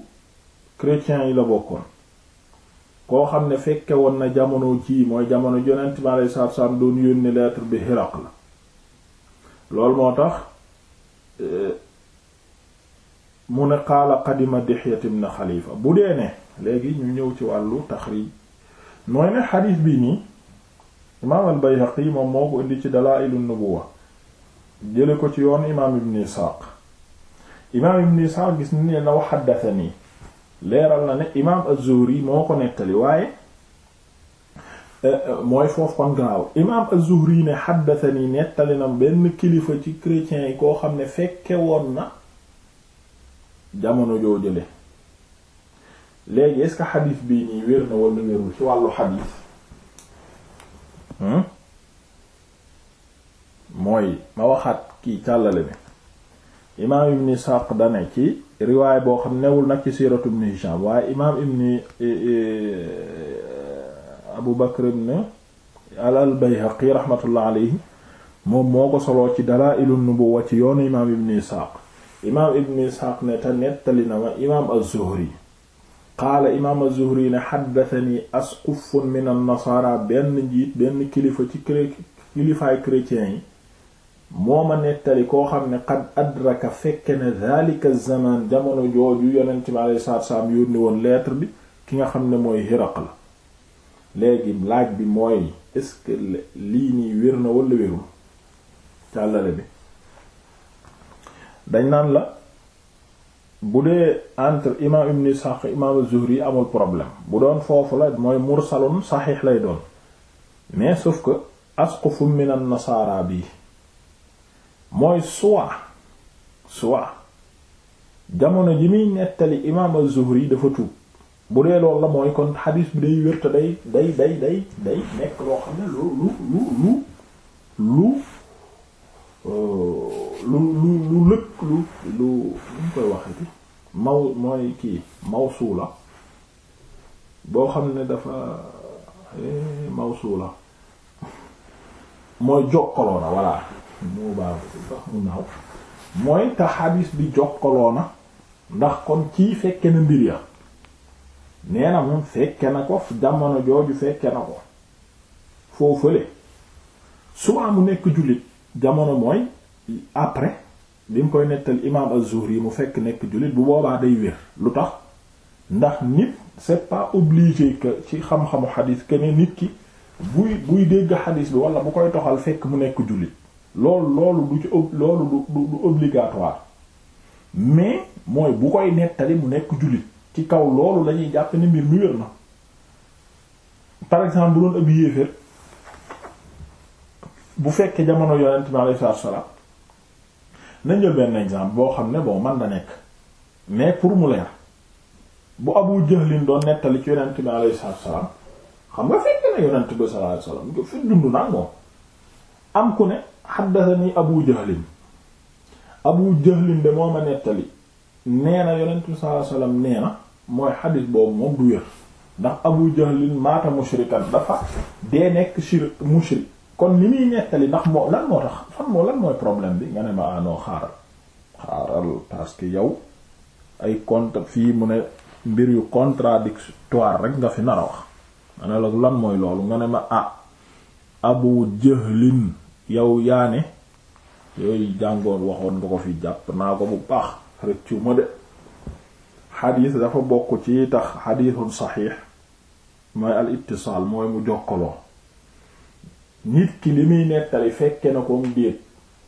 chrétiens yi la bokkoon koo xam ne fekke woon na jamono ci mooy jamono yonent bi aleyhi salaatu doon yónni lettre bi Hiraq la loolu moo tax e, mu ne qaala qadima Dihyat ibn Khalifa bu dee ne léegi ñu ñëw ci wàllu taxriij mooy ne xadiis bi nii imaam al-Bayhaqi moom moo ko indi ci Dalaa'ilun Nubuwwa jële ko ci yoon imaam ibn Isaaq imaam ibn Isaaq gis ni ne na wax leeral na ne imaam az moo ko nettali waaye eh, mooy foofu kon gaaw imaam az-Zuhri ne haddathani nettali na benn kilifa ci chrétiens yi koo xam ne fekke woon na jamono joo jële léegi est-ce bii nii wér na walla wérul ci wàllu xadiis hmm? mooy ma waxaat kii càllale bi imaam ibn Isaaq dane ci riwaay boo xam newul nag ci siiratu ibn Hisham waaye imaam ibn e, e, Abu Bakr ibn al-Bayhaqi rahmatullah alayhi moom moo ko soloo ci Dalaa'ilun Nubuwwa ci yoonu imaam ibn Isaaq imaam ibn Isaaq ne te nettali na ma imaam az-Zuhri qaala imaam az-Zuhri ne xaddatani asqufun min an-nasaara benn njiit benn kilifa ci kilifaay chrétien yi moo ma nettali koo xam ne qad adraka fekke ne dhalika zaman jamono jooju yonent bi alayhi salaatu salaam yónni woon leetre bi ki nga xam ne mooy Hiraq la léegi laaj bi mooy est-ce que lii nii wér na wala wérul càllale bi dañ naan la bu dee entre imaam ibn Ishaq imaam Zuhri amul problème bu doon foofu la mooy mursalun saxiix lay doon mais sauf que asqufum min nasaara bi mooy soit soit jamono ji muy nettali imaam az-Zuhri dafa tuub bu dee loolu la mooy kon xadiis bi day wér day day day day day nekk loo xam ne lu lu lu lu lu euh, lu lu lu lu ñu koy waxeti maw mooy kii mawsuula boo xam ne dafa eh, mawsuula mooy jokkaloo na voilà moo baaxul tax mu naaw mooy te xadis bi jokkaloo na ndax kon kii fekke na mbir ya nee na moom fekke na ko jamono jooju fekke na ko foofale soit mu nekk jullit jamono mooy après bi mu koy nettal imaam az yi mu fekk nekk jullit bu boobaa day wér lu tax ndax nit c'est pas obligé que ci xam-xamu xadis que ne nit ki buy buy dégg xadis bi wala bu koy toxal fekk mu nekk jullit loolu loolu du ci loolu du obligatoire mais mooy bu koy nettali bu nekk jullit ci kaw loolu lañuy jàpp ne mbir mu wér na par exemple bu doon ëpp yéeféer bu fekkee jamono yonent bi alayhi salaatu salaam nañ jël benn exemple boo xam ne boo man da nekk mais pour mu leer bu Abu Jahlin doon nettali ci yonent bi alayhi salaatu salaam xam nga fekk na yonent bi sallallahu alayhi fi dund nag moom am ku ne xaddasani abu jahlin abu jahlin de moo ma nettali nee na yonentu sallallahu alayhi wasallam nee na mooy xadis boobu moom du wér ndax abu jahlin maata mushrikan dafa dee nekk shirk mushrik kon ni muy nettali ndax moo lan moo tax fan moo lan mooy problème bi nga ne ma anoo ah, xaaral xaaral parce yow ay contre fii mu ne mbir yu contradictoire rek nga fi nar a wax ma ne la lan mooy loolu nga ne ma ah abu jahlin yow yaane yooyu jàngoon waxoon nga ko fi jàpp naa ko bu baax rëccu ma de xadiis dafa bokk ci tax xadiisun saxiix mooy al mooy mu jokkaloo nit ki li muy nettali fekke na ko déet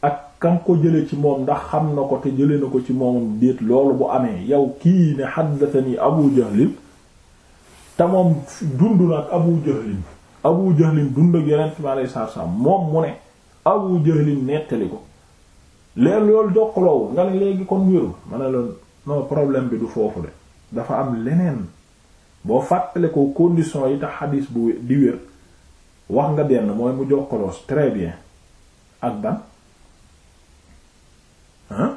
ak kam ko jële ci moom ndax xam na ko te jële na ko ci moom déet loolu bu amee yow kii ne xaddatani abu jahlin te moom dund na ak abu jahlin abu jahlin dund ak yeneen ci ma lay saar moom mu ne Abu Jahl nettali ko leer loolu jokkaloo nga ne léegi kon wérul ma la non problème bi du foofu de dafa am leneen boo fàttale ko condition yi tax xadis bu di wér wax nga benn mooy mu jokkaloo très bien ak ban ah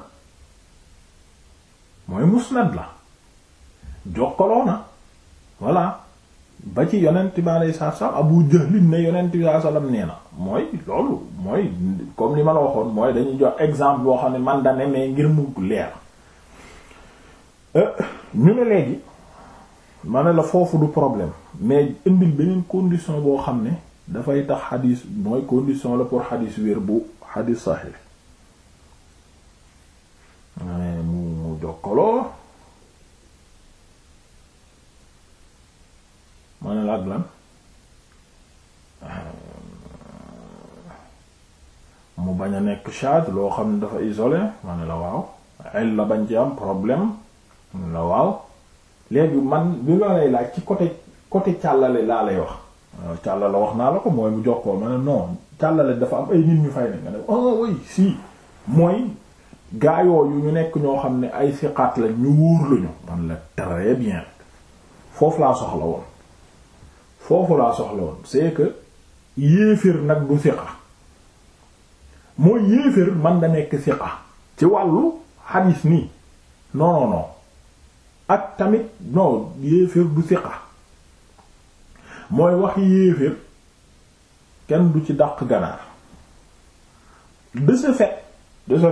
mooy musnad la jokkaloo na ba ci yonent bi alayhi salaam Abu Jahl ne yonent bi alayhi salaam nee na mooy loolu mooy comme li ma la waxoon mooy dañuy jox exemple boo xam ne man da ne ngir mu leer euh, ñu ne léegi ma ne la foofu du problème mais indil beneen condition boo xam ne dafay tax xadis mooy condition la pour xadis wér bu xadis saxiix mu mu jokkaloo ma ne la ak lan mu bañ a nekk charge loo xam ne dafa isolé ma ne la waaw el la bañ ci am problème ma la waaw léegi man bi la lay laaj ci côté côté càllale laa lay wax euh, càllale wax naa la ko mooy mu jox ko ma ne non càllale dafa am ay nit ñu fay ne nga ne oh si mooy gaayoo yu ñu nekk ñoo xam ne ay siqaat la ñu wóor lañu man la très bien foofu laa soxla woon foofu laa soxla woon c'est que yéefér nag du siqa mooy yéefér man da nekk siqa ci wàllu xadiis nii non non non ak tamit non yéefér du siqa mooy wax yéefér kenn du ci dàq ganaar de ce fait de ce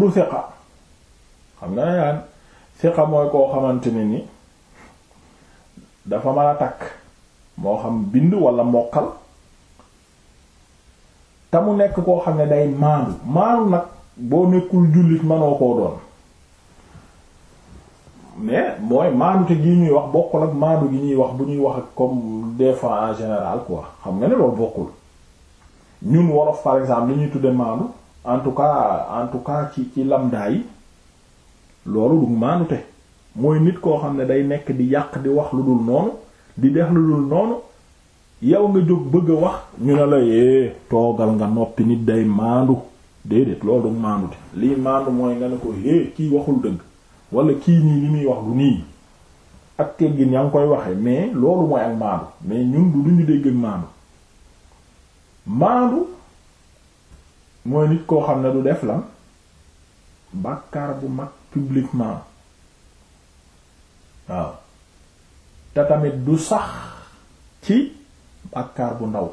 du siqa xam nga naan siqa mooy koo xamante ne ni dafa man a takk moo xam bind wala mokkal te mu nekk koo xam ne day maandu maandu nag boo nekkul jullit manoo koo doon mais mooy maandu te gi ñuy wax bokkul ak maandu gi ñuy wax bu ñuy wax ak comme des fois en général quoi xam nga ne loolu bokkul ñun wolof par exemple li ñuy tudde maandu en tout cas en tout cas ci ci lamda loolu du maandu mooy nit koo xam ne day nekk di yàq di wax lu dul noonu di def lu dul noonu yow nga jóg bëgg a wax ñu ne la yee toogal nga noppi nit day maandu déedéet loolu du maandu te lii maandu mooy nga ne ko hé kii waxul dëgg wala kii nii li muy wax du nii ak teggin yaa ngi koy waxee mais loolu mooy ak maandu mais ñun du duñu dégg ak maandu maandu mooy nit koo xam ne du def la bàkkaar bu mag publiquement waaw te tamit du sax ci bàkkaar bu ndaw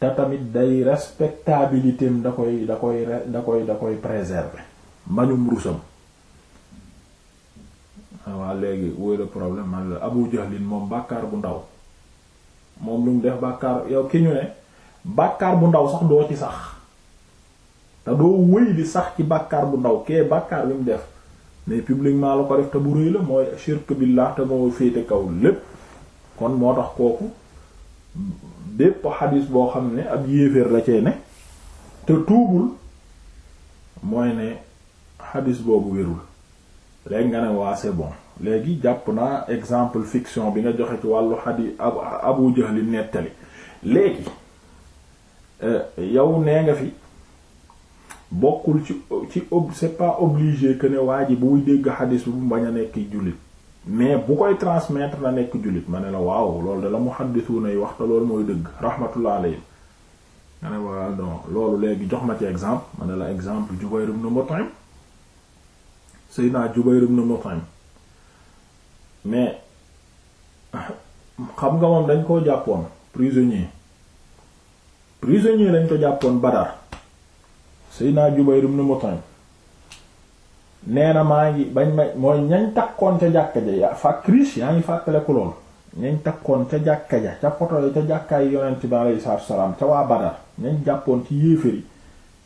te tamit day respectabilité am da koy da koy da koy da koy préserver mbañum rusam ah, waaw léegi wooy problème man la Abu Jahlin moom bàkkaar bu ndaw moom lu mu def bàkkaar yow ki ñu ne bàkkaar bu ndaw sax doo ci sax te doo wëy di sax ci bàkkaar bu ndaw kee bàkkaar bi mu def mais publiquement la ko def te bu rëy la mooy shirk billah te moo féete kaw lépp kon moo tax kooku bépp xadis boo xam ne ab yéeféer la cee ne te tuubul mooy ne xadis boobu wérul léegi nga ne waa c'est bon léegi jàpp naa exemple fiction bi nga joxe ci wàllu xadis abu jahli nettali léegi euh, yow nee nga fi bokkul ci ci ob c'est pas obligé que ne waa ji buy dégg xadis bi mu bañ a nekk jullit mais bu koy transmettre na nekk jullit ma ne la waaw loolu da la muhaddisuna yi wax te loolu mooy dëgg rahmatullah alayhi ma ne waaw non loolu léegi jox ma ci exemple ma ne la exemple Jubayr ibn Mut'im Seydina Jubayr ibn Mut'im mais xam nga moom dañ koo jàppoon prisonnier prisonnier lañ ko jàppoon Badar Seydina Jubayr ibn Mut'im nee na maa ngi bañ ma mooy ñañ takkoon ca jàkka ja yaa fa crise yaa ngi fàttaleku lool ñañ takkoon ca jàkka ja ca poto ca jàkkaay yonent bi aleyhi salaam ca waa Badar ñañ jàppoon ci yéeféri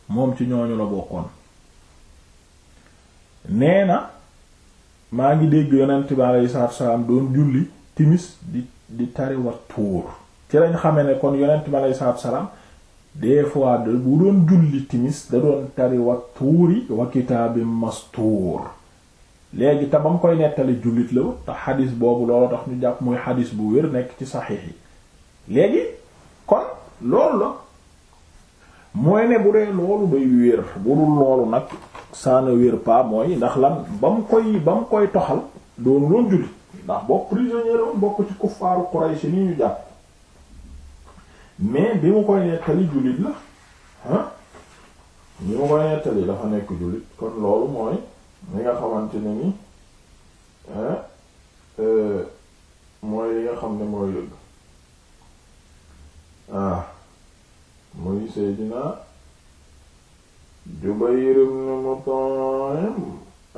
moom ci ñooñu la bokkoon nee maa ngi dégg yonent bi aleyhi salaatu salaam doon julli timis di di tari wa tuur ci lañ xame ne kon yonent bi aleyhi salaam des fois de bu doon julli timis da doon tari wa tuuri wa kitaabim mastuur léegi te ba mu koy nettali jullit la te xadis boobu loolu tax ñu jàpp muy xadis bu wér nekk ci saxiix yi léegi kon loolu la mooy ne bu dee loolu day wér bu dul loolu nag saana wér pa mooy ndax la ba mu koy ba mu koy toxal doonu loon jullit ndax bokk prisonnier woon bokk ci kuffaaru Quraysh ni ñu jàpp mais bi mu koy nettali jullit la ah bi mu koy nettali dafa nekk jullit kon loolu mooy li nga xamante ne ni euh, mooy li nga xam ne mooy lëgg ah muy Seydina Jubayr ibn Mut'im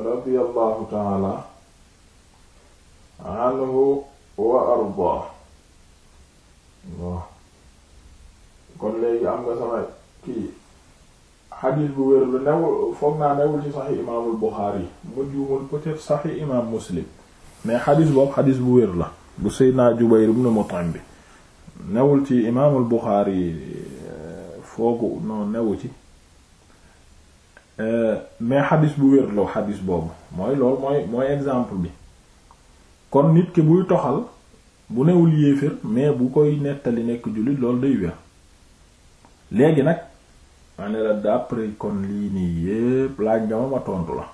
radiyallahu ta'ala anhu wa ardaa kon léegi am nga sama kii xadiis bu wér lu newul foog naa newul ci saxi imaamul Buxaari mu juumul peut saxi imaam Muslim mais xadiis boobu xadiis bu wér la bu Seydina Jubayr ibn Mut'im bi newul ci imaamul Buxaari foogu noonu newu ci mais xadis bu wér la xadis boobu mooy loolu mooy mooy exemple bi kon nit ki buy toxal bu newul yéefér mais bu koy nettali nekk jullit loolu day wér léegi nag ma ne la d'après kon lii nii yépp laaj nga ma ma tontu la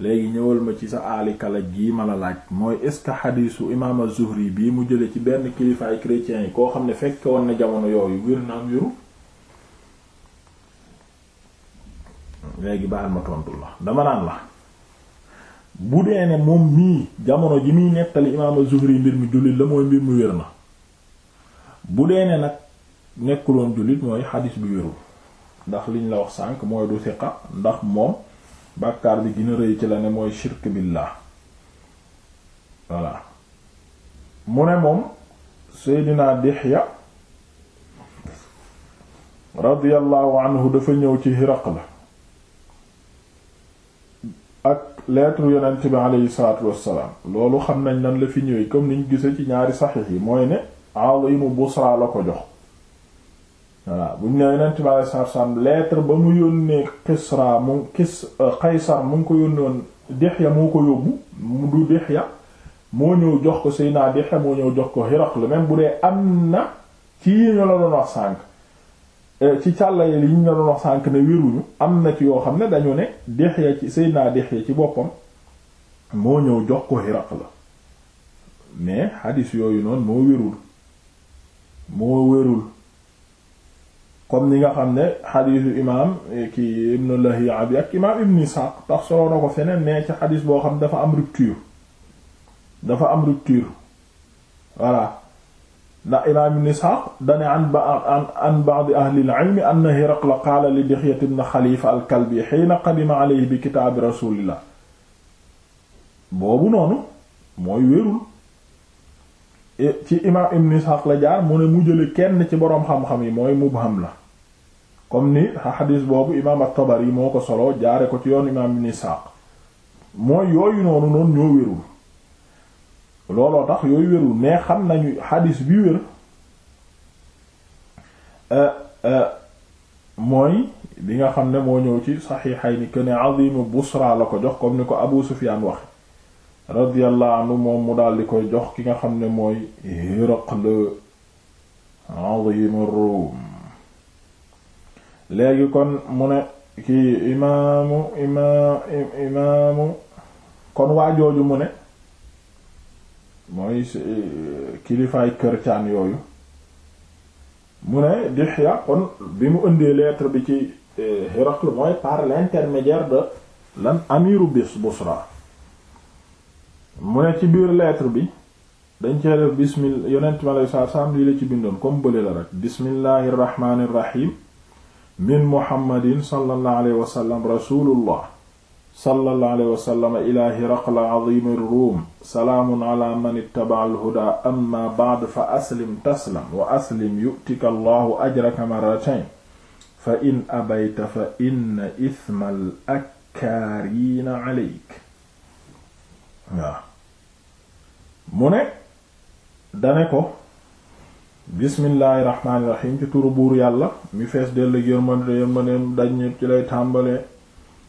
léegi ñëwal ma ci sa aalikala gii ma la laaj mooy est ce xadiisu imaam zuhri bii mu jële ci benn kilifaay chrétiens yi koo xam ne fekk woon na jamono yooyu wér na am wéru léegi baal ma tontu la dama naan la bu dee ne moom mii jamono ji muy nettali imaam zuhri mbir mi jullit la mooy mbir mu wér na bu dee ne nag nekkuloon jullit mooy xadis bi wérul ndax liñ la wax sànq mooy du siqa ndax moom bàkkaar bi gina a rëy ci la ne mooy shirk billah voilà mu ne moom Seydina Dihya radiyallahu anhu dafa ñëw ci Hiraqla ak lettre yonent bi aleyhi salaatu wassalaam loolu xam nañ nan la fi ñëwee comme niñ gise ci ñaari saxiix yi mooy ne azimu Busra la ko jox voilà buñ ne yonent bi alei satu salaam lettre ba mu yónnee Kisra mu kis euh, Qaysar mu ngi ko yónnoon ya moo ko yóbbu mu du Dihya moo ñëw jox ko Seydina Dihya moo ñëw jox ko Hiraql même bu dee am na ci yi ñu la sànq euh, ci càlla yi ñu wax sànq ne wéruñu am na ci yoo xam ne dañu ne Dihya ci Seydina Dihya ci boppam moo ñëw jox ko Hiraql mais hadis yooyu noonu moo wérul moo wérul kon ni nga xam ne xadiisu imaam eh, ki ibnu Lahiya bi ak imaam ibnu Isaaq tax soloo na ko feneen mais ci xadiis boo xam dafa am rupture dafa am rupture voilà ndax imaam ibnu Isaaq dane an an ba'd ahli al-ilm anna Hiraqla qaala li Dixya ibn Xalifa al-Kalbi hiina qadima alayhi bi kitaabi rasulillah boobu noonu mooy wérul Eh, ci imaam ibn Ishaq la jaar mu ne mu jële kenn ci boroom xam-xam yi mooy mubham la comme ni xadis boobu imaam at-Tabari moo ko solo jaare ko ci yoon imaam ibn Ishaq mooy yooyu noonu noonu ñoo wérul looloo tax yooyu wérul mais xam nañu xadis bi wér eh, eh, mooy bi nga xam ne moo ñëw ci yi saxiixayni que ne azimu Busra la ko jox comme ni ko Abu Sufyaan wax radiyallahu anhu moom mu daal di koy jox ki nga xam ne mooy Hiraql azimur Rum léegi kon mu ne kii imaamu imaamu kon waa jooju mu ne mooy kilifaay kërcaan yooyu mu ne Dihya kon bi mu indee lettre bi ci eh, Hiraql mooy par l'intermédiaire de lan amiru bis Busra mu ne ci biir lettre bi dañ cee def bismillah yonent mi aleyhi salaatu salaam lii la ci bindoon comme bële la rek bismillahi rahmaani rahim min muhammadin sallallahu alayhi wa sallam rasulullah sallallahu alayhi wa sallam ila hiraqla azimi ruum salaamun ala man ittaba'a al-huda amma ba'd fa aslim taslam wa aslim yu'tika allahu ajraka marratayn fa in abayta fa inna ithma al-akkaariina alayk waaw mu ne dane ko bismillaahi rahmaani rahiim ci turu buur yàlla mi fees dell ak yërmande yërmandeem daj ñépp ci lay tàmbalee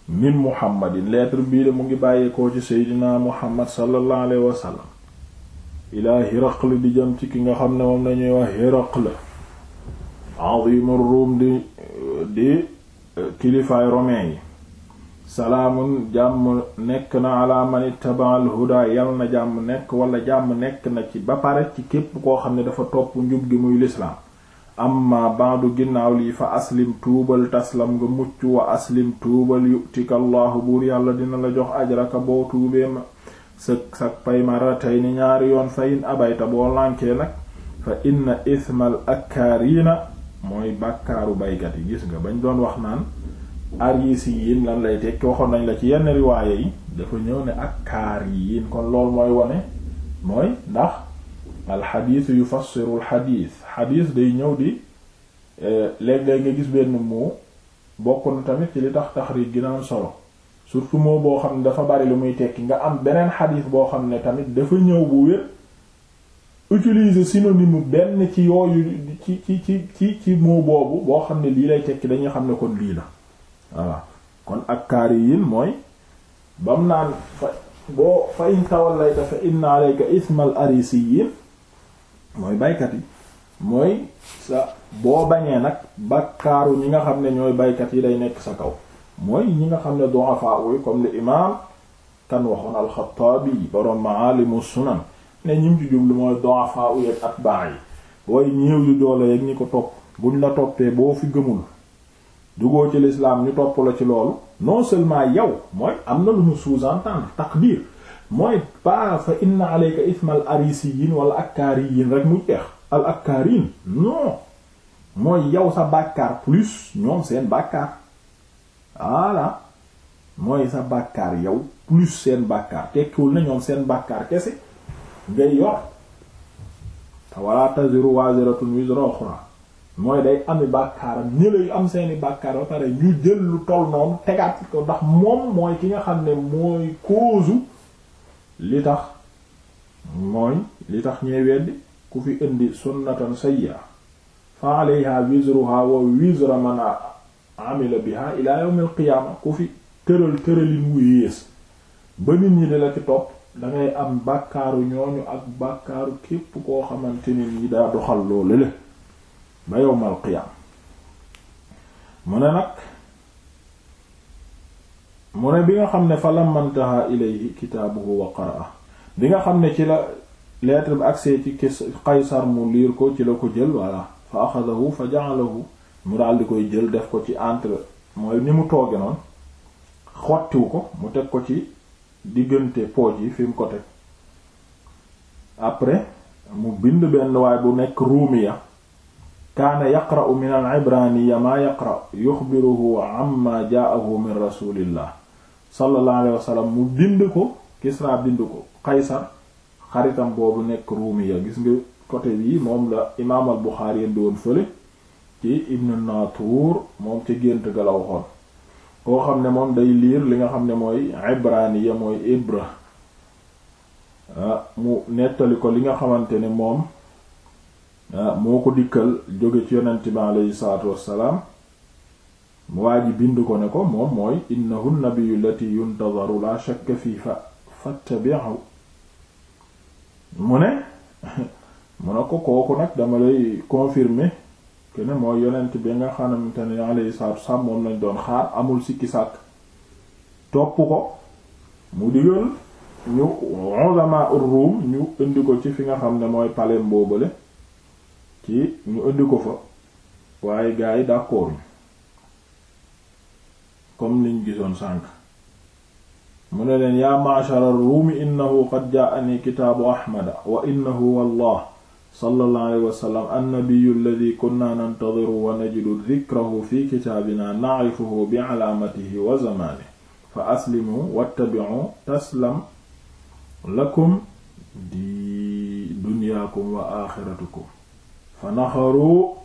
min muhammadin lettre bii de mu ngi bàyyeekoo ci seydinaa muhammad sallallahu alayhi wa ilaa hiraql di jëm ci ki nga xam ne moom lañuy wax hiraql azimur rum di di eh, kilifaay romain yi salaamu jàmm nekk na ala man ittaba al huda yal na jàmm nekk wala jàmm nekk na ci ba pare ci képp koo xam ne dafa topp njub gi muy lislaam amma baadu ginnaaw lii fa aslim tuubal taslam nga mucc wa aslim tuubal yu'tika allahu buur yàlla dina la jox ajraka boo tuubee ma sëg sag pay maratay ni ñaari yoon fa abayta boo lànkee nag fa inna ismal akkaariina mooy bàkkaaru baykat yi gis nga bañ doon wax naan arisiyin lan lay tekki waxoon nañ la ci yenn riwaaye yi dafa ñëw ne ak kaariyin kon loolu mooy wone mooy ndax alxadiis yu fassirul xadiis xadiis day ñëw di eh, léeg-léeg nga gis benn moo bokk na tamit ci li tax taxriij gi naan solo surtout moo boo xam ne dafa bari lu muy tekki nga am beneen xadiis boo xam ne tamit dafa ñëw bu wér utiliser mu benn ci yooyu ci ci ci ci ci moo boobu boo xam ne lii lay tekki dañuy xam ne kon lii la voilà kon ak kaariyin mooy bam naan fa boo fa in tawallayta fa inna alayka ismal arisiyin mooy baykat yi mooy sa boo bañee nag bakkaaru ñi nga xam ne ñooy baykat yi day nekk sa kaw mooy ñi nga xam ne du'afa uy comme li imaam kan waxoon alxataabi borom maalimu sunan ne ñim ci jublu mooy du'afa uy ak atbaa yi way ñéew yu doole yeeg ñi ko topp buñ la toppee boo fi gëmul dugoo ci lislaam ñu topp la ci loolu non seulement yow mooy am na lu mu sous-entendre takdiir mooy pas fa inna alayka isma al arisiyin wala akkaariyin rek mu jeex al akkaariin non mooy yow sa bàkkaar plus ñoom seen bàkkaar voilà mooy sa bàkkaar yow plus seen bàkkaar tekkiwul na ñoom seen bàkkaar kese ngay yor te wala taziru waziratun wizra ukhra mooy day ami bàkkaaram ñi lay am seeni bàkkaar ba pare ñu jël lu toll noonu tegaat ko ndax moom mooy ki nga xam ne mooy cause li tax mooy li tax ñee weddi ku fi indi sunnatan sayya fa alayha wizruha wa wizra man amila biha ila yawmil qiyaama ku fi tëral tëralin wu yées ba nit ñi di la ci topp dangay am bàkkaaru ñooñu ak bàkkaaru képp koo xamante nit ñi daa doxal loolu le ba yowmal qiyaam mu ne nag mu ne bi nga xam ne fa lamantaha ilayhi kitaabuhu wa qaraa bi nga xam ne ci la lettre bi agsee ci Qaysar mu liir ko ci la ko jël voilà fa axadahu fa ja'alahu mu daal di koy jël def ko ci entre mooy ni mu tooge noonu xottiwu ko mu teg ko ci diggante pooj yi fi mu ko teg après mu bind benn waay bu nekk ruumiya kaana yaqra'u min al-ibraaniya maa yaqra'u yuxbiruhu amma jaa'ahu min rasulillah sallallahu alayhi mu bind ko Kisra bind ko Qaysar xaritam boobu nekk ruumiya gis nga côté bii moom la imaam al Buxaari indi woon fële ci Ibn Naatuur moom ci gént ga la koo xam ne moom day liir li nga xam ne mooy ibraaniya mooy ibra ah, mu nettali ko li nga xamante ne moom Ah, moo ko dikkal jóge ci yonent bi aleyhi salaatu wassalaam waa ji bind ko ne ko moom mooy innahu nabiyyu lati yuntazaru la shakka fii fa fattabi'hu mu ne mu ne ko kooku nag dama lay confirmer que mooy yonent bi nga xamante ne aleyhi salaatu moom lañ doon xaar amul sikki sàkk topp ko mu digal ñu ulama ñu indi ko ci fi nga xam ne mooy palais mboobale ci ñu indi ko fa waaye gaa yi d'accord comme niñ gisoon sànk mu ne leen yaa ma'shara ruumi innahu qad jaa'ani kitaabu ahmada wa innahu wallah sallallahu alayhi wa sallam annabiyyu alladhi kunna nantadhiru wa najidu dhikrahu fi kitaabina na'rifuhu bi alaamatihi wa zamaanihi fa aslimu wattabi'u taslam lakum di dunyaakum wa aaxiratukum fa naxaru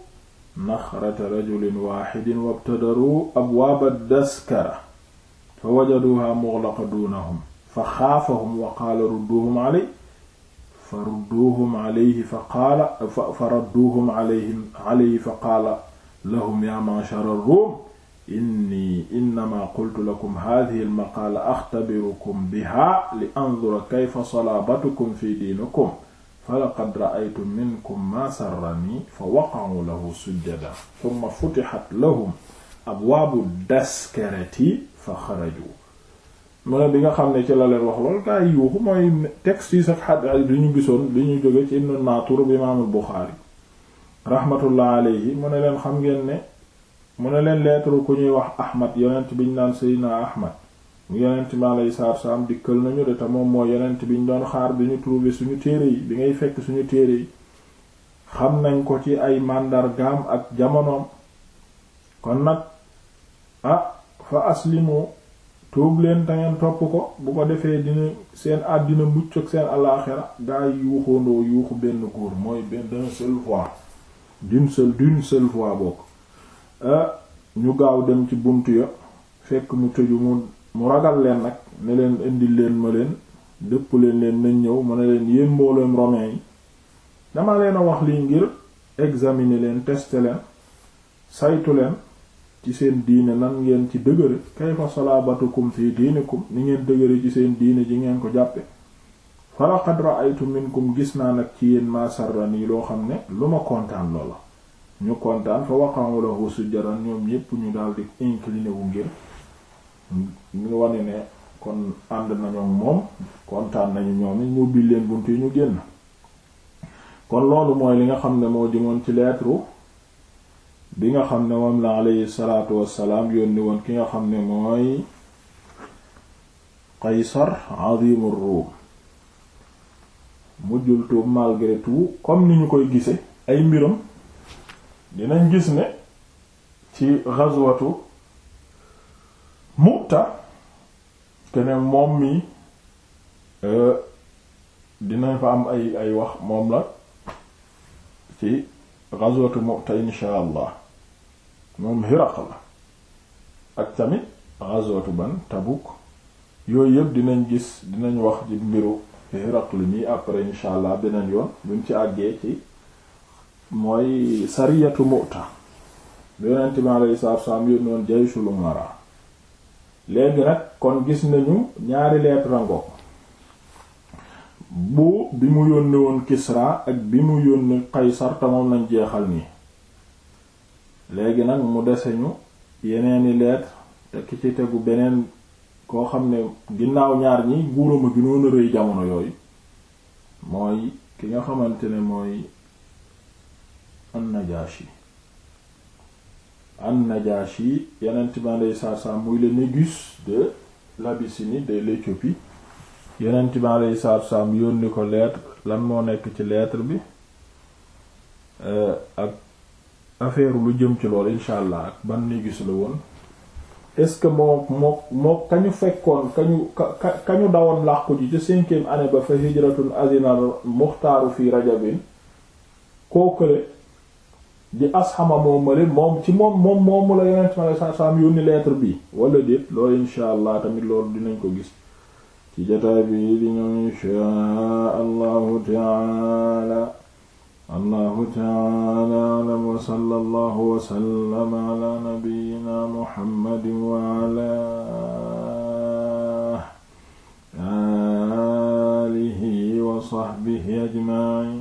naxrata rajulin waaxidin wabtadaru abwaaba daskara fa wajaduha mughlaqa duunahum fa xaafahum wa qaala rudduhum aley fa rudduhum aleyhi fa qaala fa radduhum aleyhim aleyhi fa qaala lahum yaa ma'shara ruum inni innamaa qultu lakum haadhihi al-maqaala axtabirukum bihaa li anzura kayfa salaabatukum fi diinikum fa laqad ra'aytu minkum ma sarrani fa waqa'u lahu sujjadan thumma futihat lahum abwaabu daskarati fa xaraju mu ne bi nga xam ne ci la leen wax lool gaa yi yuuxu mooy texte yi sax li ñu gisoon li ñu jóge ci Ibn Natur bi imaamul Buxaari rahmatullah alayhi mu ne leen xam ngeen ne mu ne leen lettre ku ñuy wax Ahmad yonent biñ naan Seydina Ahmad mu yonent mi alayhi salaatu wassalaam dikkal nañu de te moom moo yonent bi ñu doon xaar bi ñu trouvé suñu téere yi bi ngay fekk suñu téere yi xam nañ ko ci ay màndargaam ak jamonoom kon nag ah fa aslimu tuub leen te ngeen topp ko bu ko defee dina seen àddina mucc ak seen alaaxira gaa yi yuuxu benn kuur mooy benn d'un seul fois d'une seule d'une seule fois bokk ah, ñu gaaw dem ci bunt ya fekk mu tëju mu mu ragal leen nag ne leen indil leen ma leen dëpp leen leen nañ ñëw mu ne leen yéen mbooloom romain yi dama leen a wax lii ngir examiner leen tester leen saytu leen ci seen diine nan ngeen ci dëgëre kayfa salabatukum fi diinikum ni ngeen dëgëre ci seen diine ji ngeen ko jàppe falaqad ra'aytu minkum gis naa nag ci yéen ma sarrani loo xam ne lu ma kontaan loola ñu kontaan fa waqa'u lahu sujjadan ñoom yépp ñu daldi incliné wu ngir ñu wane ne kon ànd nañoo moom kontaan nañu ñoom it ñu ubbi leen bunt yi ñu génn kon loolu mooy li nga xam ne moo jëmoon ci leetru bi nga xam ne moom la alayhi salaatu wassalaam yónni woon ki nga xam ne mooy Qaysar azimu Rum mujjul tuub malgré tout comme ni ñu koy gise ay mbiram dinañ gis ne ci ghazwatu mu'ta kene moom mi euh, dina fa am ay ay wax moom la ci ghazwatu mu'ta insha moom hiraq la ak tamit ghazwatu ban tabuk yooyu yëpp dinañ gis dinañ wax ci mbiru hiraq li nii après insha allah beneen yoon buñ ci àggee ci mooy sariyatu mu'ta yonent mi alayhi salaatu wa salaam yónnoon jayshul umara léegi nag kon gis nañu ñaari lettre ngo bu bi mu yónnee woon Kisra ak bi mu yónnee Qaysar te moom lañ jeexal ni léegi nag mu dese ñu yeneeni lettre te ki ci tegu beneen koo xam ne ginnaaw ñaar ñi nguuram a ginoon a rëy jamono yooyu mooy ki nga xamante ne mooy an yi an Najashi yonent bi alayhi salaatu salaam muy le Négus de l'Abyssinie de l'Éthiopie yonent bi alayhi salaatu salaam yónni ko lettre lan moo nekk ci leetre bi euh, ak affaire lu jëm ci loolu incha allah ak ban Négus la woon est-ce que moo moo moo kañu fekkoon kañu ka kañu dawoon làqu ji ci cinquième année ba fa hijratun azinal muxtaaru fi rajabin kookale di asxama moom male moom ci moom moom moomu la yonent ma la saa saa mu yónni lettre bi wala déet loolu insha allah tamit loolu dinañ ko gis ci jotaay bi di ñëw insha allahu taala allahu taala alam wa sallallahu wa sallama ala nabiyyina muhammadin wa ala alihi wa sahbihi ajma'in